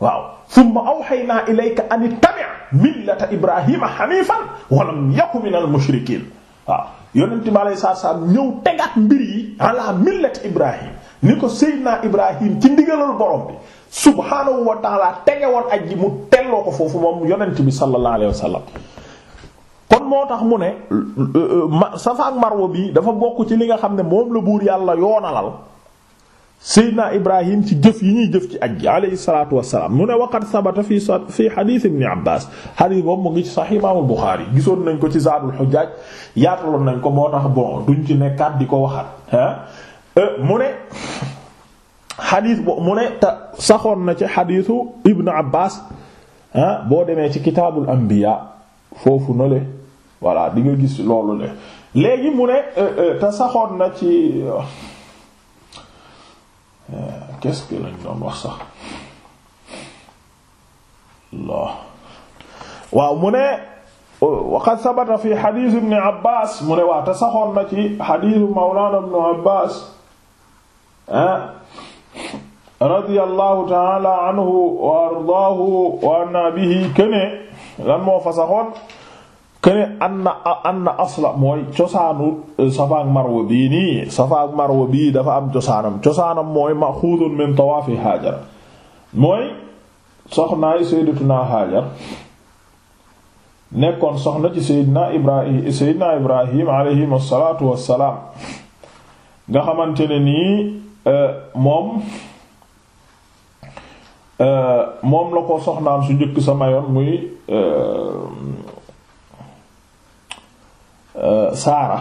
waaw xëy summa awhaynaa ilayka an ittabi' millata Ibrahima haniifan wa lam yaku minal mushrikiin waaw yonent bi sa salaam ñëw tegaat mbir yi ala millati Ibrahim ni ko Seydina Ibrahim ci ndigalal borom bi subhaanahu wa taala tegewoon aj ji mu telloo ko foofu moom yonent bi sallallahu alayhi wa sallam kon moo tax mu ne Safa ak Marwa bi dafa bokk ci li nga xam ne moom la buur yàlla yoonalal. seydna ibrahim ci jëf yi ñuy jëf ci aj gi alayhi salatu wasalaam mu ne waqad sabata fi fi hadith ibn abbas hadith boobu mu ngi ci sahih imaamul buxaari gisoon nañ ko ci zaadul xujjaaj yaataloon nañ ko moo tax bon duñ ci nekkaat di ko waxat euh, mu saxoon na ci hadithu ibn abbas ah boo demee ci kitaabul anbiya foofu na le voilà di nga gis loolu le léegi mu ne euh, euh, te saxoon na ci Euh, qu'est-ce que lañ doon wax sax Allah waaw mu ne waqad sabata fi xadiis ibn Abbaas mu ne waa te saxoon na ci xadiisu mawlaana ibn Abbaas ah, radiyallahu ta'ala anhu wa ardaahu wa anna bihi kene lan moo fa saxoon kene anna anna asla mooy cosaanu eh, safa ak marwa bii nii safa ak marwa bii dafa am cosaanam cosaanam mooy maxuudun min tawaafi hajar mooy soxnaay sayyidatuna hajar nekkoon soxna ci sayyidina ibrahim sayyidina ibrahim alayhim asalaatu wassalaam nga xamante ne nii eh, moom eh, moom la ko soxnaam su njëkk sa mayoon muy saara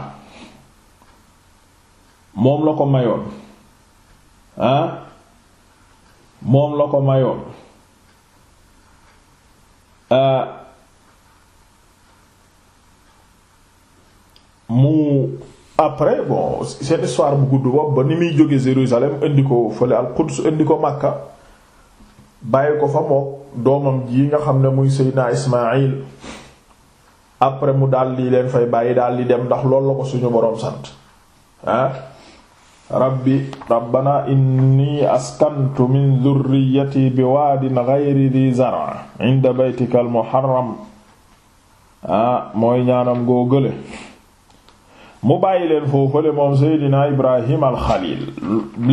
moom la ko mayoon ah? moom la ko mayoon ah? mu après bon cette histoire bu gudd bopp ba ni muy jóge Jérusalem indi ko fële al indi ko Makka bàyyi ko fa mook doomam ji nga xam ne muy Seydina Ismaïl après mu daal di leen fay bàyyi daal di dem ndax loolu la ko suñu boroom sant ah rabbi rabbana inni askantu min dhurriyyati biwaadin ghayri dhi zar'a 'inda baytikal muharram mooy ñaanam goo gële mu bàyyi leen foofale moom seydina ibrahim alxalil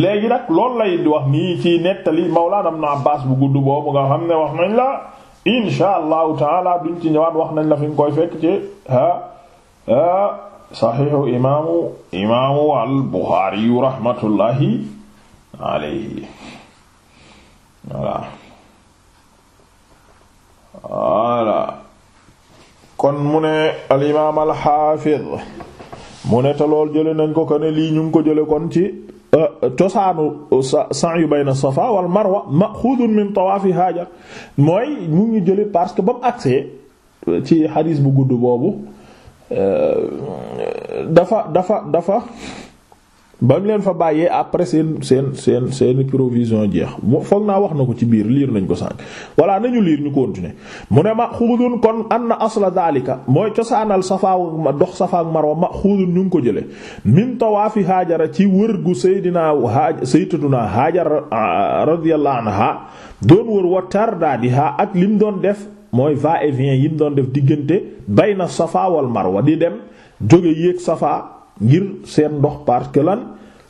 léegi nag loolu lay wax nii ci nettali mawlaana ibn Abbaas bu gudd boobu nga xam ne wax nañ la insha allahu taala ci ñëwaat wax nañ la fi koy fekk ci ah ah saxiixu imaamu imaamu al Buxaari yu rahmatullahi alayhi kon mu ne al imaam mu ne te lool jële nañ ko ko lii ñu ngi ko jële kon ci cosaanu sa'yu bayna safa wal marwa maxuudun min tawaafi haaja mooy mu ngi jële parce que ba mu agsee ci xadiis bu gudd boobu euh, dafa dafa dafa ba mu leen fa bàyyee après seen seen seen seen provision jeex foog naa wax na ko ci biir liir nañ ko sànq voilà nañu liir ñu continuer mu ne ma xuudun kon an na asla daalika mooy cosaanal safa dox safa ak marwa ma xuudun ñu ngi ko jële min tawaafi haajara ci wër gu saydinaa haaj sayyidatuna hajar radiyallahu anha doon wër wa tardaadiha ak lim doon def mooy va et vient yim doon def diggante bay na wal marwa di dem jóge yéeg safa ngir seen ndox parce que lan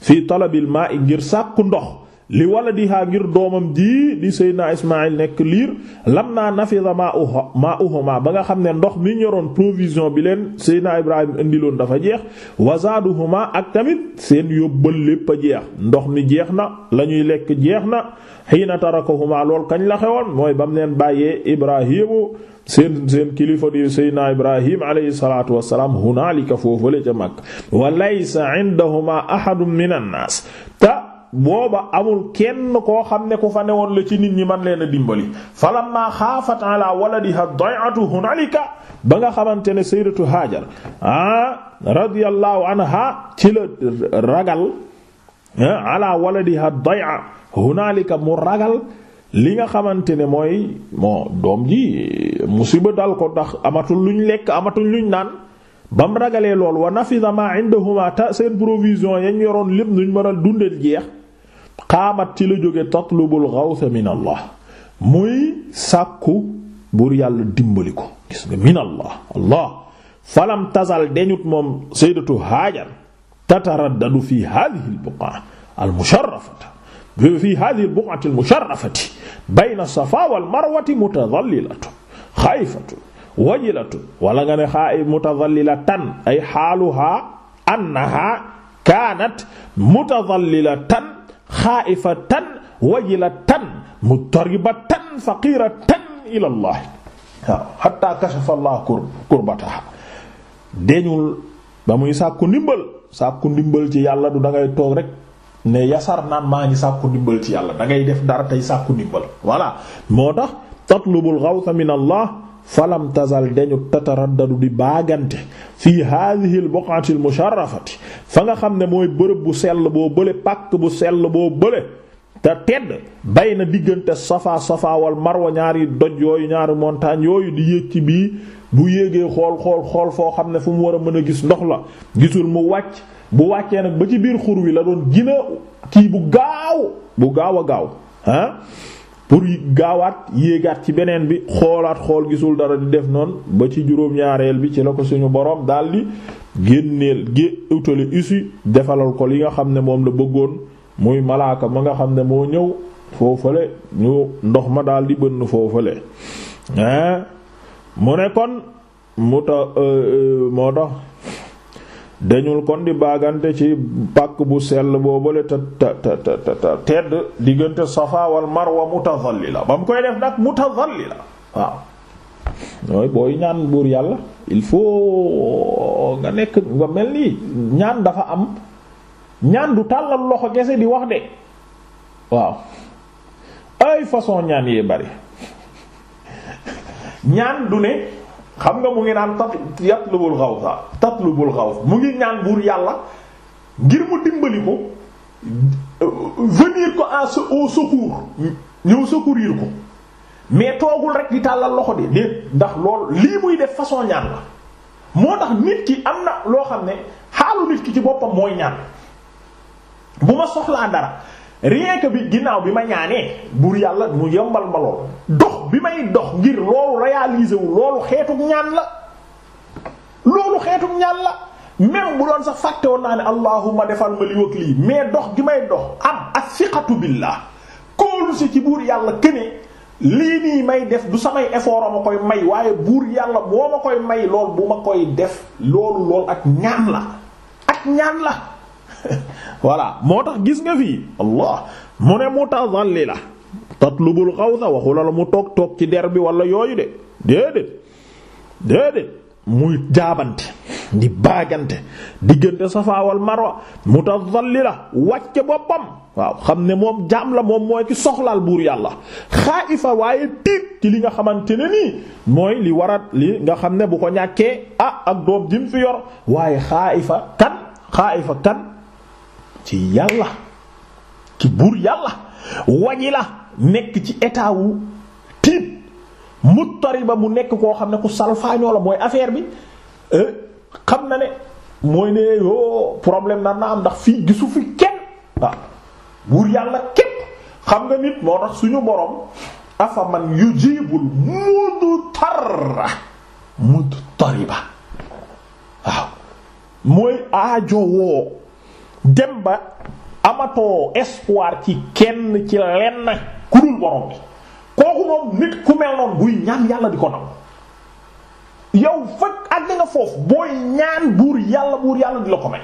fii talabil maa i ngir sàkku ndox li waladiha ngir doomam ji di Seydina Ismaïl nekk liir lam naa nafida maa uha maa uhuma ba nga xam ne ndox mi ñoroon provision bi leen Seydina Ibrahim indiloon dafa jeex wazaduhuma ak tamit seen yóbbal lépp a jeex ndox mi jeex na la ñuy lekk jeex na xiina tarakahuma lool kañ la xewoon mooy bam leen bàyyee Ibrahimu seen seen kilifa di seydina ibrahim alayhi salatu wasalaam hunaalika foofale ca mag wa laysa indahuma ahadun min annaas booba amul kenn koo xam ne ku fa newoon la ci nit ñi man leen a dimbali falamma xaafat ala waladiha dayatu hunalika ba nga xamante ne sayyidatu hajar ah radiyallahu anha ci la ragal ah, ala waladiha daya hunalika mu ragal li nga xamante ne mooy bon doom ji musiba dal ko ndax amatul luñ lekk amatul luñ naan bam ragalee lool wa nafida ma indahuma ta seen provision yañ yoroon lépp luñ war a dundal jeex xaamat ci la jóge tatlubul ghawth min allah muy sàkku buur yàlla dimbali ko gis nga min allah allah falam tazal deñut moom seydatu hajar tataraddadu fi hadhihi al buqa al musharrafata fi hadhihi al-buq'ati al-musharrafati bayna as-safa wal-marwati mutadhallilatun khayfatun wajilatun wala nga ne xaa mutadhallilatan ay xaaluha annaha kaanat mutadhallilatan xaaifatan wajilatan mutaribatan faqiratan ila Allah waaw hatta kashafa Allah kurbataha deñul ba muy sàkku ndimbal sàkku ndimbal ci yàlla du dangay toog rek ne yasar naan maa ngi sàkku ndimbal ci yàlla da ngay def dara tey sàkku ndimbal voilà moo tax tatlubul xaw min allah falam tazal dañu tataraddadu di baagante fii hadhihi al buq'ati al musharrafati fa nga xam ne mooy bërëb bu sell boo bële pàkk bu sell boo bële te tedd bay na diggante safa safa wal ñaari doj yooyu ñaari montagne yooyu di yéeg ci bii bu yéegee xool xool xool foo xam ne fu mu war a mën a gis ndox la gisul mu wàcc bu wàccee nag ba ci biir xur wi la doon gina kii bu gaaw bu gaaw a gaaw ah pour gaawaat yéegaat ci beneen bi xoolaat xool gisul dara di def noonu ba ci juróom-ñaareel bi ci la ko suñu borom daldi génneel gé utale ussi defalal ko li nga xam ne moom la bëggoon muy malaaka ma nga xam ne moo ñëw foofale ñu ndox ma daldi bënn foofale mu ne kon mu ta euh, euh, moo tax dañul kon di baagante ci pàkk bu sell boobale te te te te tedd diggante Safa wal Marwa mutazallila ba mu koy def nag mutazallila waaw mooy booy ñaan buur yàlla il faut nga nekk nga mel nii ñaan dafa am ñaan du tàllal loxo gese di wax de waaw ay façon ñaan yee bari ñaan du ne xam nga mu ngi naan tat yatlubul xawsa tatlubul xaws mu ngi ñaan buur yàlla ngir mu dimbali ko venir ko au secours ñëw secourir ko mais toogul rek di tàllal loxo de déet ndax lool lii muy def façon ñaan la moo tax nit ki am na loo xam ne xaalu nit ki ci boppam mooy ñaan bu ma soxlaa dara rien bi ginnaaw bi ma ñaanee buur yàlla mu yombal ma lool dox bi may dox ngir loolu réaliser wu loolu xeetuk ñaan la loolu xeetuk ñaan la même bu doon sax fàtte naa ne allahumma defal ma lii ak lii mais dox gi may dox am a asiqatu billah kóolu si ci buur yàlla këne lii nii may def du samay effort a koy may waaye buur yàlla boo ma koy may lool bu ma koy def loolu lool ak ñaan la ak ñaan la voilà moo tax gis nga fii allah mu ne mutazallila tatlubul xawsa waxu la la mu toog toog ci der bi wala yooyu de déedéet déedéet muy jaabante di baagante diggante safaawal marwa la wàcce boppam waaw xam ne moom jaam la moom mooy ki soxlaal buur yàlla xaayifa waaye tiit ci li nga xamante ne nii mooy li warat li nga xam ne bu ko ñàkkee ah ak doom jim fi yor waaye xaayifa kan xaayifa kan ci yàlla ci buur yàlla wañi la nekk ci état wu tiit muttariba mu nekk koo xam ne ku salfaañoo la mooy affaire bi euh, xam na ne mooy ne yoo problème na na ndax fii gisu fi kenn buur yàlla képp xam nga nit moo tax suñu boroom afa man yujibul mudtar mudtariba waaw mooy aajowoo dem ba amatoo espoir ci kenn ci lenn ku dul borom bi kooku moom nit ku mel noonu buy ñaan yàlla di ko naw yow fekk àgg nga foofu booy ñaan buur yàlla buur yàlla di la ko may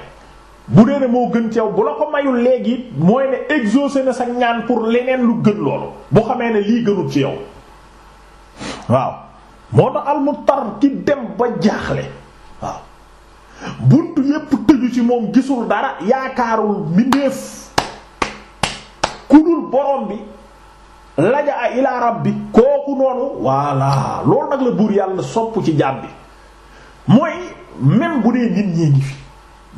bu dee ne moo gën ci yow bu la ko mayul léegi mooy ne exaucé na sa ñaan pour leneen lu gën loolu bu xamee ne lii gënul ci yow waaw moo tax almutar ci dem ba jaaxle waaw bunt yépp tëju ci moom gisul dara yaakaarul mbindeef ku dul borom bi laja a ila rabbi kooku noonu voilà loolu nag la buur yàlla sopp ci jaam bi mooy même bu dee nit ñee ngi fi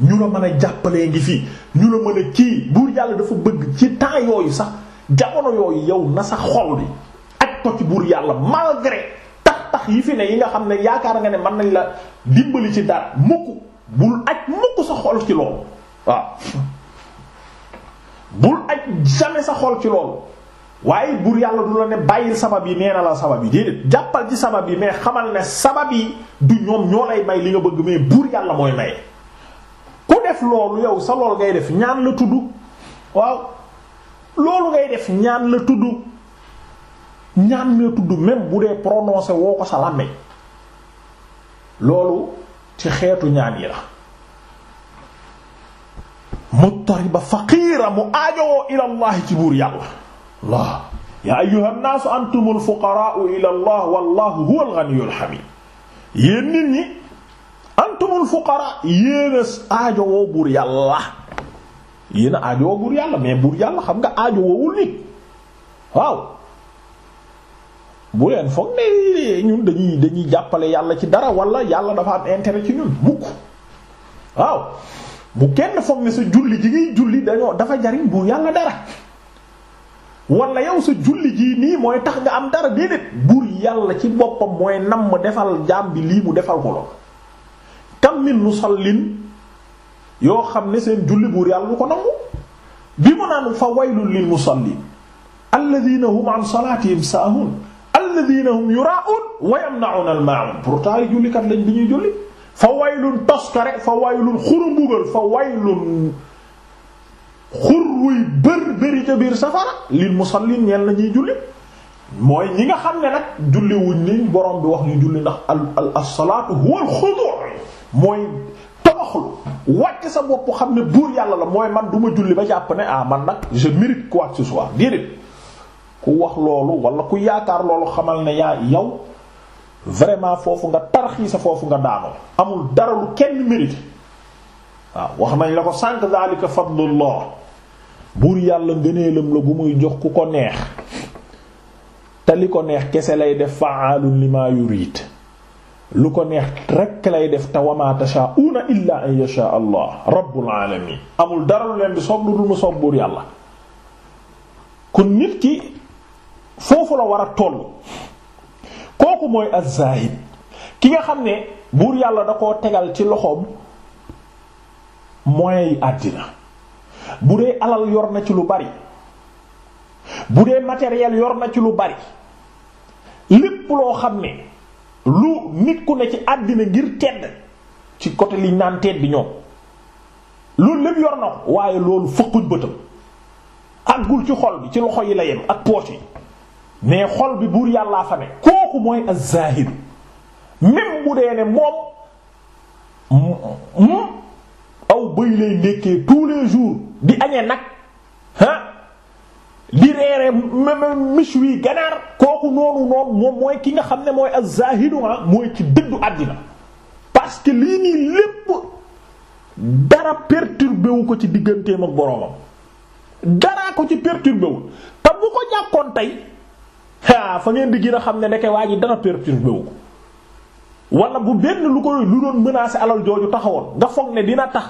ñu la mën a jàppalee ngi fi ñu la mën a kii buur yàlla dafa bëgg ci temps yooyu sax jamono yooyu yow na sa xol bi ak ko buur yàlla malgré tax tax yi fi ne yi nga xam ne yaakaar nga ne man nañ la dimbali ci dara mukk bul aj mukk sa xol ci loolu waaw bul aj jamais sa xol ci loolu waaye buur yàlla du la ne bàyyil sabab yi nee na la sabab yi déedéet jàppal ci sabab yi mais xamal ne sabab yi du ñoom ñoo lay may li nga bëgg mais bur yàlla mooy maye ku def loolu yow sa lool ngay def ñaan la tudd waaw loolu ngay def ñaan la tudd ñaan la tudd même bu dee prononcé woo ko sa làmmeñ loolu ci xeetu ñaan yi la faqiira mu aajowoo ila llahi ci buur yàlla allah ya ayyuha nnaasu antum alfuqaraau ila allah wallahu huwa alganiyyu alhamid yéen nit ñi antum alfuqaraa yéen a aajowoo buur yàlla yéen a aajowoo buur yàlla mais xam nga aajowowul bu leen foog ne ñun dañuy dañuy jàppale yàlla ci dara wala yàlla dafa am intérêt ci ñun mukk waaw bu kenn foog ne sa julli ji ngay julli dañoo dafa jariñ bu yàlla dara wala yow sa julli ji nii mooy tax nga am dara déedéet buur yàlla ci boppam mooy nam defal jaam bi lii mu defal ko lool kam musallin yoo xam ne seen julli buur yàlla lu ko nangu bi mu naan fa waylul lil musallin alladhina hum an salatihim saahun alladhina hum yura'un wa yamna'una al-ma'un pourtant ay jullikat lañ di ñuy julli fa waylun toskare fa waylun xurumbugal fa waylun xur wuy bër bëri ca biir safara lil musallin ñeen la ñuy julli mooy ñi nga xam ne nag julli wuñ ni borom bi wax ñu julli ndax al as-salaatu huwa al-xudu' mooy toxlu wàcc sa bopp xam ne buur yàlla la mooy man du ma julli ba jàpp ne ah man nag je mérite quoi que ce soit déedéet ku wax loolu wala ku yaakaar loolu xamal ne yaa yow vraiment foofu nga tarxii sa foofu nga daanoo amul dara lu kenn mérite waaw wax nañ la ko sànq zalika fadlullah buur yàlla ngëneelam la bu muy jox ku ko neex te li ko neex kese lay def fa'aalun lima yurid lu ko neex rekk lay def te wama tashaa'uuna illa an yasha allah rabbul alamin amul dara lu leen di soob lu dul mu soob buur yàlla kon nit ki foofu la war a toll kooku mooy az-zahid ki nga xam ne buur yàlla da koo tegal ci loxoom moyens yi àddina bu dee alal yor na ci lu bari bu dee matériel yor na ci lu bari lépp loo xam ne lu nit ku ne ci àddina ngir tedd ci côté liñ naan tedd ñoom loolu lépp yor na ko waaye loolu fëqut bëtam àggul ci xol bi ci loxo yi la yem ak poche mais xol bi buur yàllaa fa ne kooku mooy az-zahid même bu dee ne moom aw bëy lay ndekkee tous les jours di añee nag ah di reere mich wi ganaar kooku noonu noonu moom mooy ki nga xam ne mooy az-zahidu mooy ci dëddu àddina parce que lii nii lépp dara perturbé ko ci digganteem ak boroomam daraa ko ci perturbé wu te bu ko jàkkoon tey ah fa ngeen di gën a xam ne ndeke waa ji dara perturbé wu ko wala bu benn lu ko lu doon menacer alal jooju taxawoon nga foog ne dina tax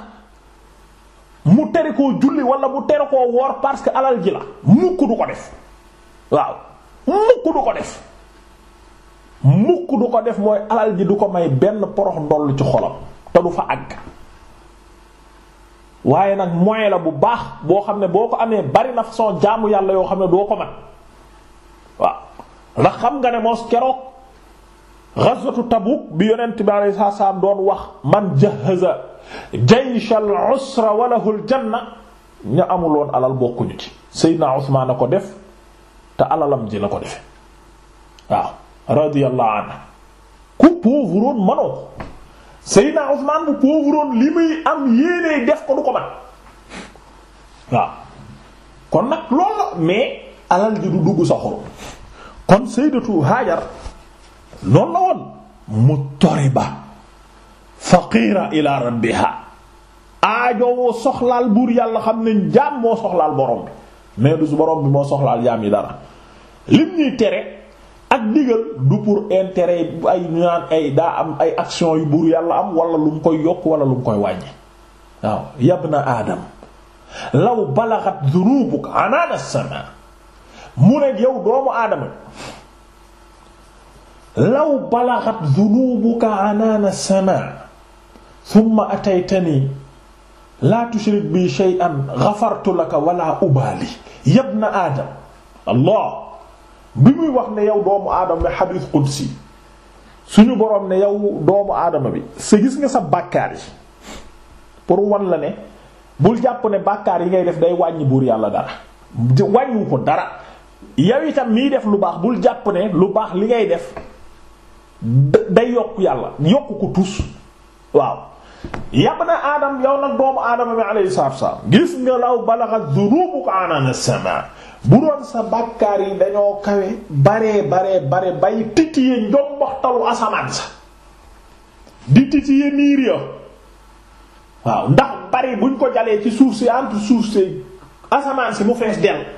mu tere koo julli wala mu tere koo woor parce que alal ji la mukk du ko def waaw mukk du ko def mukk du ko def mooy alal ji du ko may benn porox ndoll ci xolam te du fa àgg waaye nag moyen la bu baax boo xam ne boo ko amee bari na façon jaamu yàlla yoo xam ne doo ko mat ndax xam nga ne moos keroog ghazwatu Tabuk bi yonent bi alayhi salaam doon wax man jahaza jaysh al usra wa lahu al janna ña amuloon alal bokkuñu ci Seydina Usmaan a def te alalam ji la ko defe waaw radiyallahu anhu ku pauvroon manoo ko Seydina Usmaan bu pauvroon li muy am yéenee def ko du ko man waaw kon nag loolu mais alal ji du dugg sa xol kon sayyidatu Hajar loolu la woon muttariba faqiira ila rabbiha aajowoo soxlaal buur yàlla xam ne jaam moo soxlaal borom bi mais du borom bi moo soxlaal jaam yi dara lim ñuy tere ak diggal du pour intérêt ay ñaan ay daa am ay action yu buur yàlla am wala lu mu koy yokk wala lu mu koy wàññi waaw na aadam law balaxat dunubuka anaana sama mu ne yow doomu aadama law balaxat dunuubuka anaana sama summa ataytani laa tushrik bi shay'an xafartu laka wala ubaali yabna aadam allah bi muy wax ne yow doomu aadama suñu boroom ne yow doomu aadama bi sa gis nga sa bàkkaar yi pour wan la ne bul jàpp ne bàkkaar yi ngay def day wàññi buur yàlla dara wàññiwu ko dara yow itam miy def lu baax bul jàpp ne lu baax li ngay def day yokk yàlla yokk ko tus waaw yab na aadam yow nag doomu aadama mi alayhi salaatu wasalaam gis nga law balaxa dunubuka anana sama bu doon sa bàkkaar yi dañoo kawe baree bare bay titiye njomboxtalu asamaan sa di titiye niir ya waaw ndax bari buñ ko jalee ci suuf si entre suuf si asamaan si mu fees dell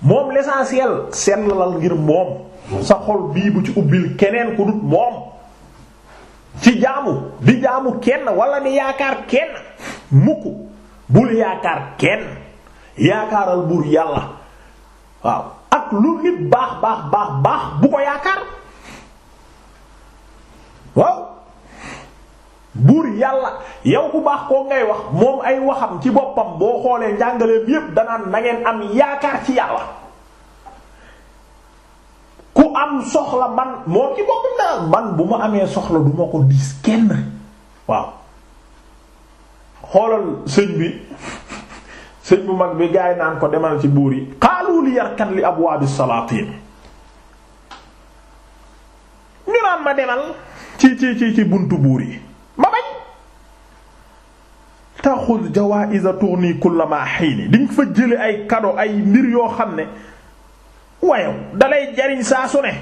moom l'essentiel sellalal ngir moom sa xol bii bu ci ubbil keneen ku dut moom ci jaamu di jaamu kenn wala di yaakaar kenn mukk bul yaakaar kenn yaakaaral buur yàlla waaw ak lu nit baax baax baax baax bu ko yaakaar waaw buur yàlla yow bu baax koo ngay wax moom ay waxam ci boppam boo xoolee njàngaleem yépp danaan nangeen am yaakaar ci yàlla ku am soxla man moom ci boppam danaan man bu ma amee soxla du ma ko diis kenn waaw xoolal sëñ bi sëñ bu mag bi gaay naan ko demal ci buur yi xaalu li yarkan li abwaabi salaatin ñu naan ma demal ci ci ci ci buntu buur yi ma bañ taxul jawaa'iza tughni kullama hiini di nga fa jële ay kado ay mbir yoo xam ne wayow dalay jariñ saa su ne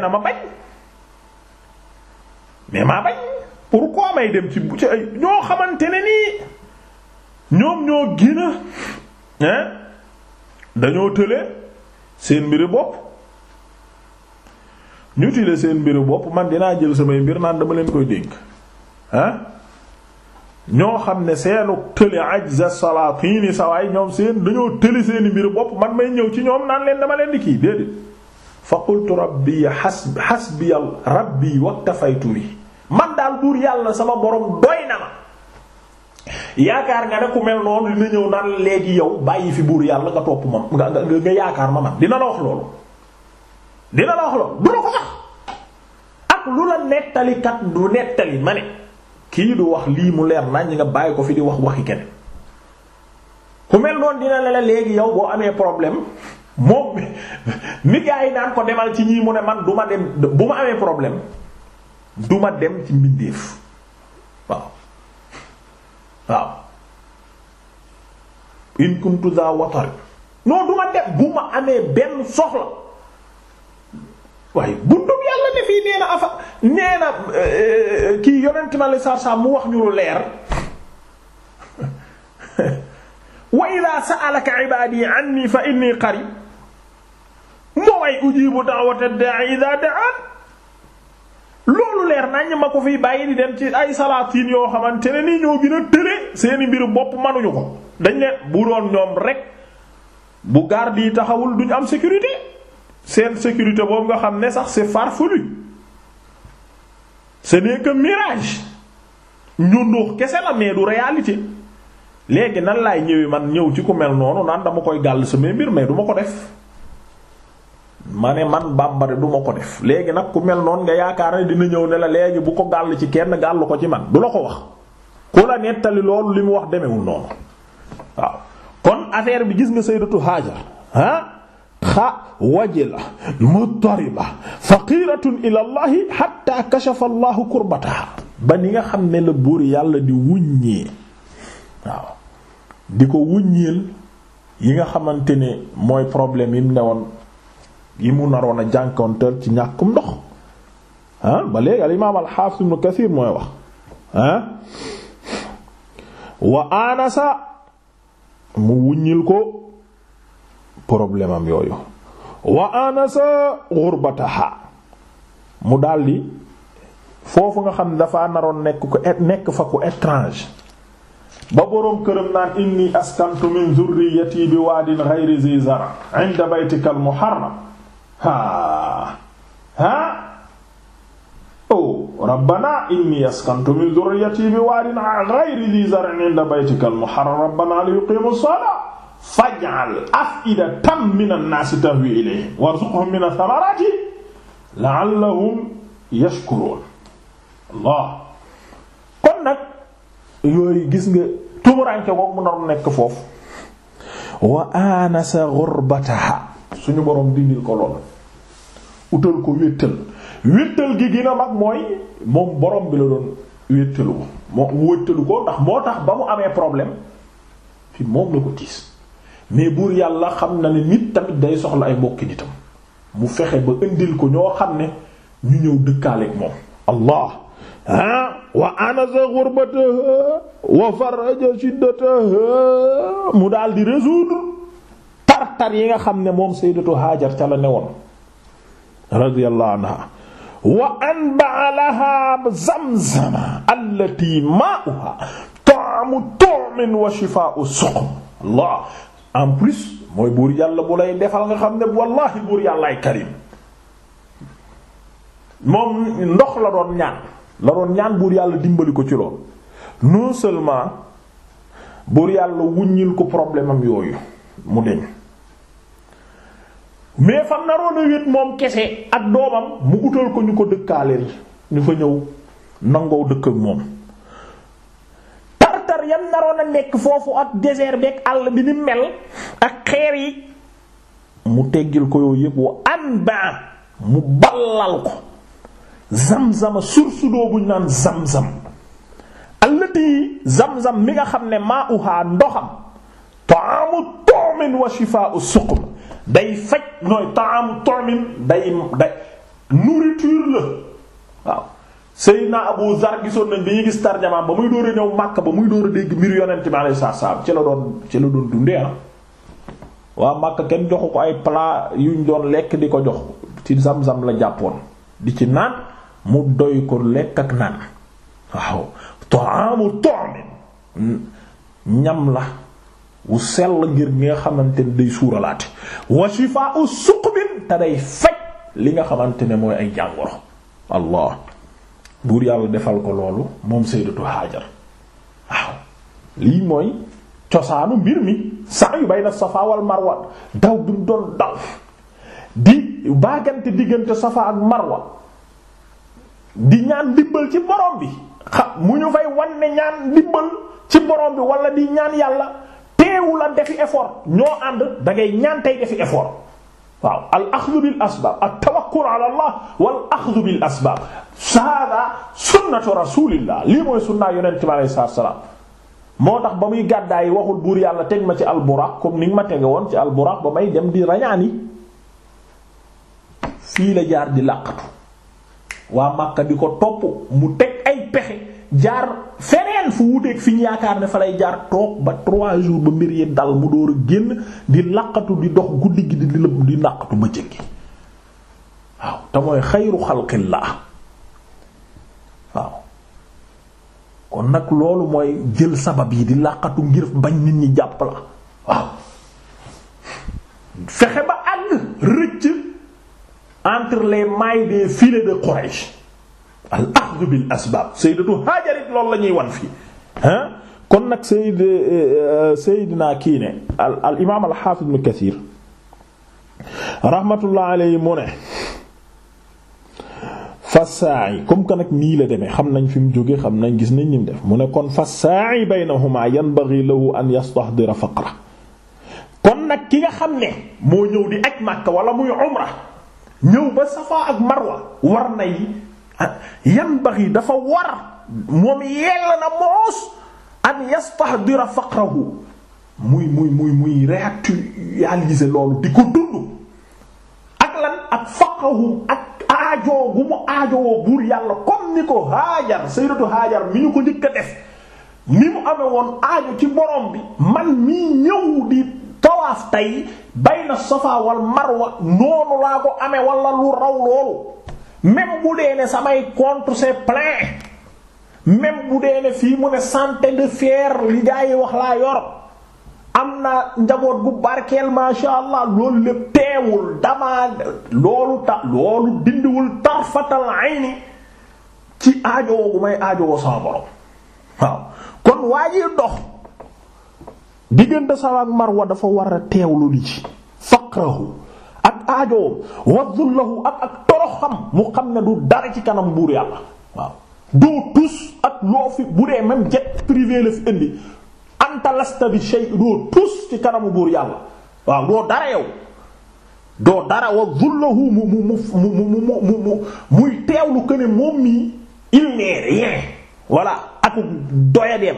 ma bañ mais maa bañ pourquoi may dem ci ci ay ñoo xamante ne nii ñoom ñoo gina hein dañoo tële seen mbiri bopp ñu tële seen mbiri bopp man dinaa jël samay mbir naan dama leen koy dénk ah ñoo xam ne seenu tëli ajza salaatini sawaay ñoom seen dañoo tëli seeni mbir bopp man may ñëw ci ñoom naan leen dama leen di kii déedéet fa qultu rabbi hasb hasbi rabbi waktafaytu bi man daal buur yàlla sama borom doy na ma yaakaar nga ne ku mel noonu dina ñëw naan léegi yow bàyyi fi buur yàlla nga topp ma nga nga yaakaar ma man dina la wax loolu dina la wax loolu du la ko sax ak lu la nettalikat du nettali ma ne kii du wax lii mu leer nañ nga bàyyi ko fi di wax waxi kenn ku mel noonu dina la léegi yow boo amee problème moom mi gaa yi naan ko demal ci ñii mu ne man duma ma dem bu ma amee problème du ma dem ci mbindeef waaw waaw in kuntu za watar non du ma dem bu ma amee benn soxla waaye comme yàlla fii nee afa nee euh, kii yonent ma la sarsa mu wax ñu lu leer wa idha sa'alaka ibadi anni fa inni qarib moo way ujibu da'wata da'i idha da'an loolu leer nañ ma ko fii bàyyi di dem ci ay salaatin yoo xamante ne nii ñoo gën a tële seeni mbiru bopp manuñu ko dañ leen bu doon ñoom rek bu garde yi taxawul duñ am sécurité seen sécurité boobu nga xam ne sax c'est farfelu ce n'est que mirage ñundux kese la mais du réalité léegi nan laay ñëwee man ñëw ci ku mel noonu naan dama koy gàll samay mbir mais duma ko def ma ne man bambare du ma ko def léegi nag ku mel noonu nga yaakaar ne dina ñëw ne la léegi bu ko gàll ci kenn gàll ko ci man du la ko wax ku la nettali loolu li mu wax demewul noonu waaw kon affaire bi gis nga Sayyidatu Hajar ah xa wajila mudtariba faqiratun ila allahi hatta kashafa allahu kurbataha ba ni nga xam ne la buur yàlla di wuññee waaw di ko wuññeel yi nga xamante ne mooy problème yi mu newoon yi mu naroon a jànkonteel ci ñàkkum ndox ah ba léegi al imaam al xaafis ibnu kasiir mooy wax ah. wa anasa mu wuññil ko problème am yooyu wa anasa ghurbataha mu daldi foofu nga xam ne dafa naroon nekk ko nekk fa ku étrange ba naan inni askantu min zurriyati bi waadin ghayri zi zara inda al muharram ha oh, rabbana inni askantu min zurriyati bi waadin ghayri zi zara inda baytika al muharram rabbana li yuqimu as-salat faj'al af'idatan mina naasi tahwii ilayhim warzuqhum mina thamaraati la'allahum yashkuruun Allah kon nag yooyu gis nga tumuraanke boobu mu naroon nekk foofu wa aanasa gurbataha suñu borom dindil ko lool utal ko wéttal wéttal gi gën mag mooy moom boroom bi la doon wéttalu ko moo wéttalu ko ndax moo tax ba mu amee problème fi moom la ko tiis mais buur yàlla xam na ne nit tamit day soxla ay mbokki nitam mu fexe ba indil ko ñoo xam ne ñu ñëw dëkkaaleek moom allah ah wa anasa xurbataha wa faraja shiddataha mu dal di résoudre tartar yi nga xam ne moom sayyidatu hajar ca la newoon radiyallahu anha wa anba'a laha zamzama allati ma'uha ta'amu wa shifaa'u suqm allah en plus mooy buur yàlla bu lay defal nga xam ne wallahi buur yàllaay karim moom ndox la doon ñaan la doon ñaan buur yàlla dimbali ko ci lool non seulement buur yàlla wuññil ko problème am yooyu mu deñ mais fam naroon a wét moom kese ak doomam mu utal ko ñu ko dëkkaaleel ñu fa ñëw nangoo dëkk moom naroon a nekk foofu ak désert bi ak àll bi ni mel ak xeer yi mu teggil ko yooyu yëpp wa an ba mu ballal ko zam-zama source bu ñu naan zam-zam allati zam mi nga xam ne maa uhaa ndoxam taamu toomin wa shifaa'u suqm day faj nooy taamu toomin day day nourriture la waaw na Abu Zar gisoon nañ bi ñu gis tarjamaam ba muy door a ñëw Makka ba muy door a dégg mbir yonent bi alayhi salaam ci la doon ci la doon dundee ah. waa Makka kenn joxu ko ay plat yuñ doon lekk di ko jox ci sam zam la jàppoon di ci naan mu doy ko lekk ak naan waaw ta'amu ta'min ñam la wu sell ngir nga xamante ne day suuralaate wa shifaa'u suqmin te day faj li nga xamante ne mooy ay jàngoro Allah buur yàlla defal ko loolu moom sayyidatu Hajar waaw lii mooy cosaanu mbir mi sax yu bayna Safa wal Marwa daw bi mu doon daw di baagante diggante Safa ak marwat di ñaan dimbal ci borom bi xa mu ñu fay wan ne ñaan dimbal ci borom bi wala di ñaan yàlla teewu la defi effort ñoo ànd dangay ngay ñaan tey defi effort waaw al axdu bil asbaab at tawakkul ala allah wal axdu bil asbaab hada sunnatu rasulillah lii mooy sunnaa yonent bi alayhi salaam moo tax ba muy gàddaay waxul buur yàlla teg ma ci alburaq comme ni nga ma tege woon ci alburaq ba may dem di rañaani fii la jaar di làqatu waa Makka di ko topp mu teg ay pexe jaar feneen fu wuteeg fi yaakaar ne fa lay jaar toog ba trois jours ba mbir yi dal mu door a génn di laqatu di dox guddi gi di lëbb ba laqatu bëccëg gi waaw te mooy xayru xalqillaa waaw kon nag loolu mooy jël sabab yi di laqatu ngir bañ nit ñi jàpp la waaw fexe ba àgg rëcc entre les mailles des filets de Quraish al axdu bil asbaab sayyidatu Haajar loolu la ñuy wan fi ah kon nag sayyid eh, eh, sayyidina kii ne al al imaam al xaafid ibn Kasiir rahmatullah que nag nii la demee xam nañ fi mu jóge xam nañ gis nañ ni mu def mu ne kon fasaa'i baynahuma yanbaghi lahu an nag ki nga xam ne ñëw di aj Makka wala muy umra ñëw ba Safa ak Marwa war nay yan yi dafa war moom yella moos an yastahdira faqrahu muy muy muy muy réactualiser loolu di ko dund ak lan ak faqrahu ak aajoo gu mu aajowoo buur yàlla comme ni ko Haajar sayyidatu Haajar mi ñu ko njëkk def ni mu amee woon aaju ci borom bi man mii ñëw di tawaaf tey bayna Safa wal Marwa noonu laa ko amee wala lu raw loolu même bu dee ne samay contre c'est plein même bu dee ne fii mu ne santé de fier li gaa wax laa yor am na njaboot gu barkeel masha allah loolu lépp teewul damaa loolu ta loolu dindiwul tarfatal ayni ci aajowoo gu may aajowoo sama borom waaw kon waa dox diggante Safa ak Marwa dafa war a teewlu li ci faqrahu ak aajoom waddul lahu ak ak toroxam mu xam ne du dara ci kanam buur yàlla waaw doo tus ak loo fi bu dee même jet privé la fi indi anta lasta bi shay doo tus ci kanamu buur yàlla waaw doo dara yow doo dara waddul lahu mu mu mu mu mu mu muy teewlu que ne moom mii il n'est ak doyadeem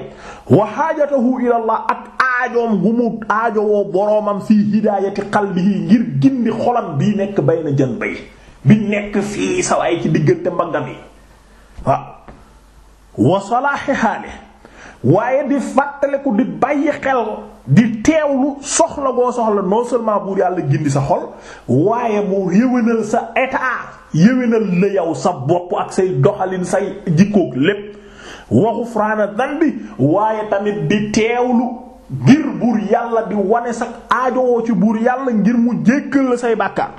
wa xaajatahu ilallah ak aajoom gu mu aajowoo boroomam fii hidaayati qalbihi ngir gindi xolam bii nekk bayna jën bay bi nekk fii sawaay ci diggante mbaggam yi waaw wa salaaxi xaale waaye di fàttaliku di bàyyi xel di teewlu soxla goo soxla non buur yàlla gindi sa xol waaye mu yëwénal sa état yëwénal la yow sa bopp ak say doxalin say jikkoog lépp wa ghufraana dhanbi waaye tamit di teewlu ngir buur yàlla di wane sax aajowoo ci buur yàlla ngir mu jéggal la say bàkkaar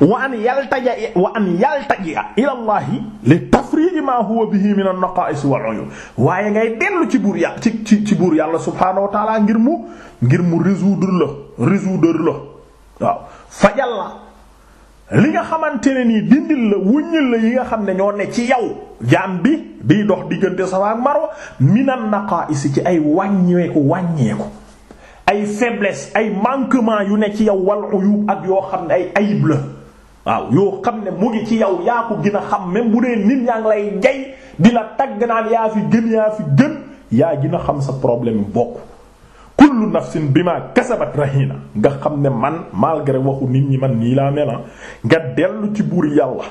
wa an yaltaja wa an yaltaja ila llahi ma huwa bihi min an-naqa'is wal 'uyub waaye ngay dellu ci buur yàlla ci ci buur yàlla subhaanahu wa ngir mu ngir mu résoudre la résoudre la waaw fajal la li nga xamante ne nii dindil la wuññil la yi nga xam ne ñoo ne ci yow jaam bi biy dox diggante sa Safa ak Marwa minan naqaa'is ci ay wàññeeku wàññeeku ay faiblesse ay manquement yu ne ci yow wal ak yoo xam ne ay ayib la waaw yoo xam ne mu ngi ci yow yaa ko gin a xam même bu dee nit ñaa ngi lay jay di la tagg naan yaa fi gën yaa fi gën yaa gën a xam sa problème bokk kullu nafsin bima kasabat rahina nga xam ne man malgré waxu nit ñi man nii laa mel ah. nga dellu ci buur yàlla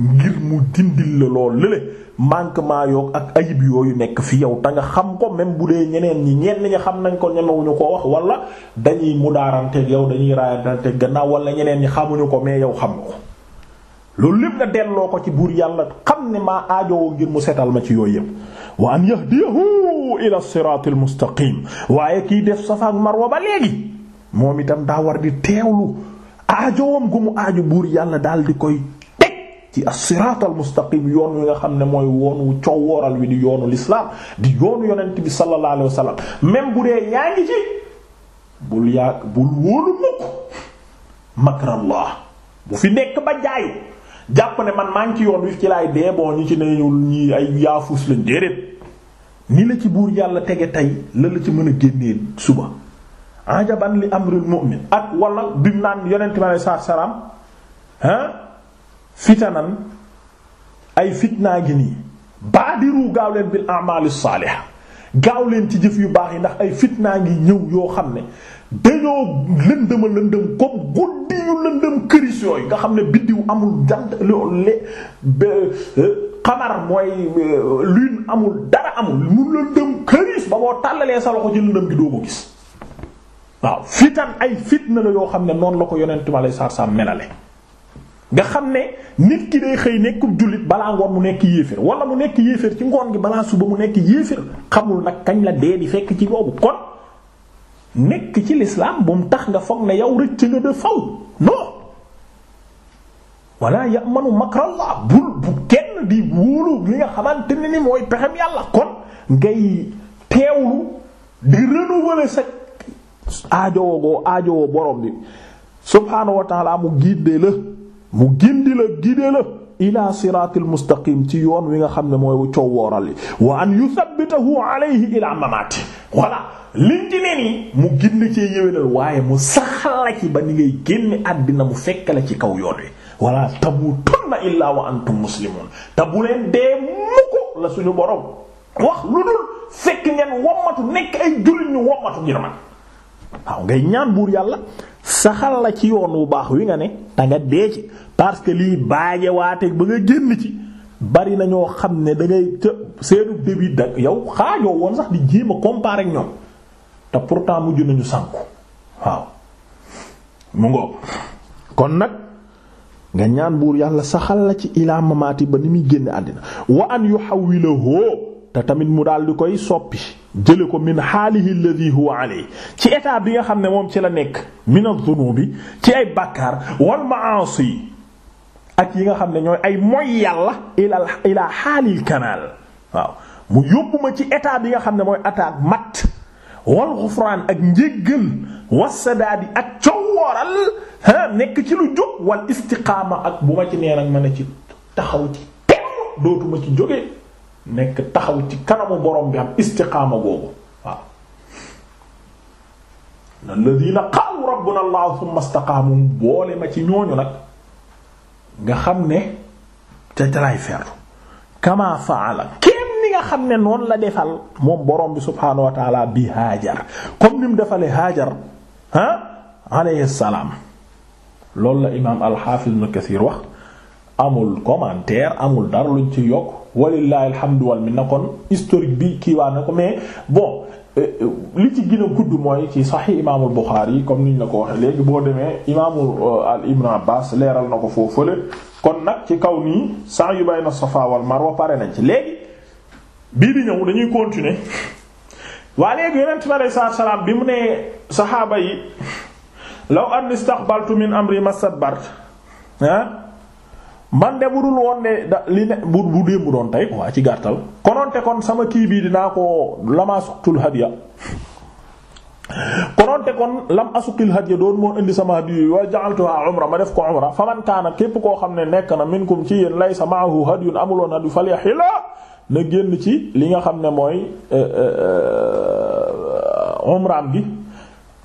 ngir mu dindil la lool lële manquement yoog ak ayib yooyu nekk fi yow te nga xam ko même bu dee ñeneen ñi ñenn ñi xam nañ ko ñemewuñu ko wax wala dañuy mudaaranteeg yow dañuy raayanteeg gannaaw wala ñeneen ñi xamuñu ko mais yow xam ko loolu lépp nga delloo ko ci buur yàlla xam ne maa aajowoo ngir mu setal ma ci yooyu yëpp. wa an yahdiyahu waaye kiy def safa ak marwa ba léegi moom itam daa war di teewlu aajowam gu mu aaju buur yàlla daal di koy teg ci as-siratal yoon wi nga xam ne mooy woonu coow wooral wi di yoonu lislaam di yoonu yonent bi sallallahu alayhi wa sallam même bu dee yaa ngi ci bul yaa bul wóolu mukk makrallah bu fi nekk ba jaayu jàpp ne man maa ngi ci yoon wi ci laay dee bon ci ne ñi ay yaafus lañ déedéet ni la ci buur yàlla tege tey la la ci mën a génnee suba ajaban li amril mu'min ak wala bimu naan yonent bi alei salaatu fitanan ay fitnaa gi nii baadiru gaaw leen bil a'malis saaliha gaaw leen ci jëf yu baax yi ndax ay fit naa ngi ñëw yoo xam ne dañoo lëndëma lëndëm ko guddi yu lëndëm këris yooyu nga xam ne biddiw amul jant le euh, xamar mooy euh, lune amul dara amul mu lëndëm këris ba boo tàllalee sa loxo ci lëndëm gi doo ko gis waaw fitan ay fitna la yoo xam ne noonu la ko yonentu ma lay saar sa melale nga xam ne nit ki day xëy nekku jullit balaa ngoon mu nekk yéefér wala mu nekk yéefér ci ngoon gi balaa suba mu nekk yéefér xamul nag kañ la dee di fekk ci boobu kon nekk ci lislaam bu mu tax nga foog ne yow rëcc nga de faw non wala ya'manu makrallah bul bu kenn di wóolu li nga xamante ne ni mooy pexem yàlla kon ngay teewlu di renouveler sa aajowoo goo aajowoo borom bi subhaanahu wa ta'ala mu guidé la mu gindi la gide la ila siraatil mustaqim ci yoon wi nga xam ne mooy coow wooral li wa an yuthabbitahu alayhi ila mamati voilà liñ ci ne nii mu gindi cee yéwénal waaye mu saxal la ci ba ni ngay génne àddina mu fekk la ci kaw yoon wi voilà tamuutunna illaa wa antum muslimun te bu leen dee mukk la suñu borom wax lu dul fekk ngeen wommatu nekk ay jullit ñu wommatu ngir man waaw ngay ñaan buur yàlla saxal la ci yoon wu baax wi nga ne tanga nga dee ci parce que lii baaje waate ba nga génn ci bari na ñoo xam ne dangay ngay të seenu début yow xaajoo woon sax di jéem a comparer ak ñoom te pourtant mujj nañu sànku waaw. mu ngoog kon nag nga ñaan buur yàlla saxal la ci ilaa mamaati ba ni muy génn àddina wa an yuhawwilahu te tamit mu daal di koy soppi. jële ko min xaalihi alladhi huwa alayhi ci état bi nga xam ne moom ci la nekk min az-zunubi ci ay bàkkaar wal ma'asi ak yi nga xam ne ñooy ay moy yàlla ila ilaa xaalil kanaal waaw mu yóbbu ma ci état bi nga xam ne mooy attaque mat wal xufraan ak njéggal wasadaadi ak cowooral ha nekk ci lu jóg wal istiqaama ak bu ma ci nee nag ma ne ci taxaw ci temm dootuma ci jóge nekk taxaw ci kanamu borom bi am istiqaama googu waaw alladina qaalu rabbuna allah thumma istaqaamu boole ma ci ñooñu nag nga xam ne ca tray fer kama faala kenn ni nga xam ne noonu la defal moom borom bi subhaanahu wa bi haajar comme ni mu defalee haajar ah alayhi salaam loolu la imaam alxaafis ibn kathir wax amul commentaire amul dara luñ ci yokk walillahi alhamdu wal minna kon historique bi kii waa na ko mais bon euh, euh, li ci gën a gudd mooy ci Sahih imaamul Bukhari comme niñ la ko waxee léegi boo demee imaamul euh, al Ibn Abbas leeral na ko foofu kon nag ci kaw nii sax bayna Safa wal Marwa pare nañ ci léegi bii di ñëw dañuy continuer waa léegi yonent bi alayhi salaatu salaam bi mu nee saxaaba yi law an istaqbaltu min amri mastadbart ah man de bu dul woon ne da li ne bu bu démb doon tey quoi ci gàttal kononte kon sama kii bii dinaa ko lam asuqtul hadiya kononte kon lam asuqil hadiya doon moo indi sama hadiya yi wa ja'altuha ma def ko umra fa man képp koo xam ne nekk na minkum ci yéen laysa ma'ahu hadiyun amuloon hadiyu falyahilla na génn ci li nga xam ne mooy euh, euh, euh, umraam gi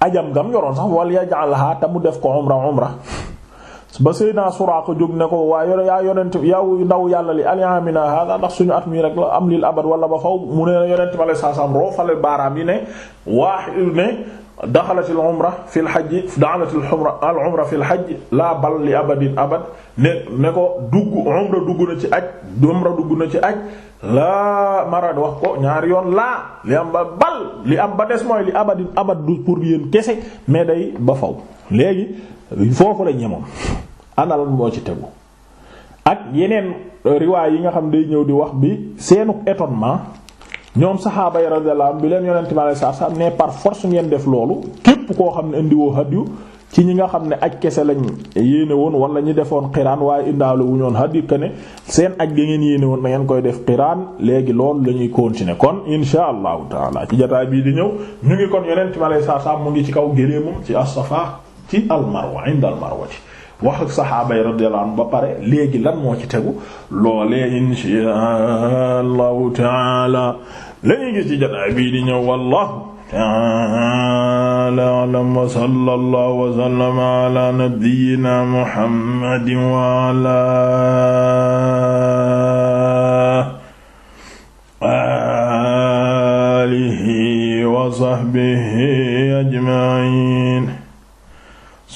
ajam gam yoroon sax wal yaj'alha ta mu def ko umra umra ba Seydina Suraaqa jóg ne ko waaye yaa yonent yow ndaw yàlla li aliamina hada ndax suñu at mi rek la am lil abad wala ba faw mu ne yonent ma lay saasam roo fale baaraam yi ne waaxid ne daxalat al umra fi la bal li abadin abad ne ne ko dugg umra dugg na ci aj dugg na ci aj laa marad wax ko ñaari yoon laa li am ba bal li am ba des mooy li abadin abad pour yéen kese mais day ba faw léegi foofu la ñemoon ana lan ci tegu ak yeneen euh, riwaay yi nga xam day ñëw di wax bi seenu étonnement ñoom saxaaba yi radiyallahu anhum bi leen yonent mi alayhi salaam ne par force ngeen def loolu képp koo xam ne indiwoo hadyu ci ñi nga xam ne aj kese lañ yéene woon wala ñi defoon xiraan waaye indaalu wu ñoon hadyu que ne seen aj ga ngeen yéene woon na ngeen koy def xiraan léegi loolu la ñuy continuer kon insha allahu taala ci jotaay bii di ñëw ñu ngi kon yonent mi alayhi salaam mu ngi ci kaw géléemam ci as-Safa ci almarwa inda almarwa ci wax ak saxaaba yi radiyallahu anhu ba pare léegi lan moo ci tegu loolee inshaa allahu taala lañuy gis ci jataay bii di ñëw wallahu taala alam wa sallallahu wa sallama ala nabiyyina muhammadin wa ala alihi wa sahbihi ajma'in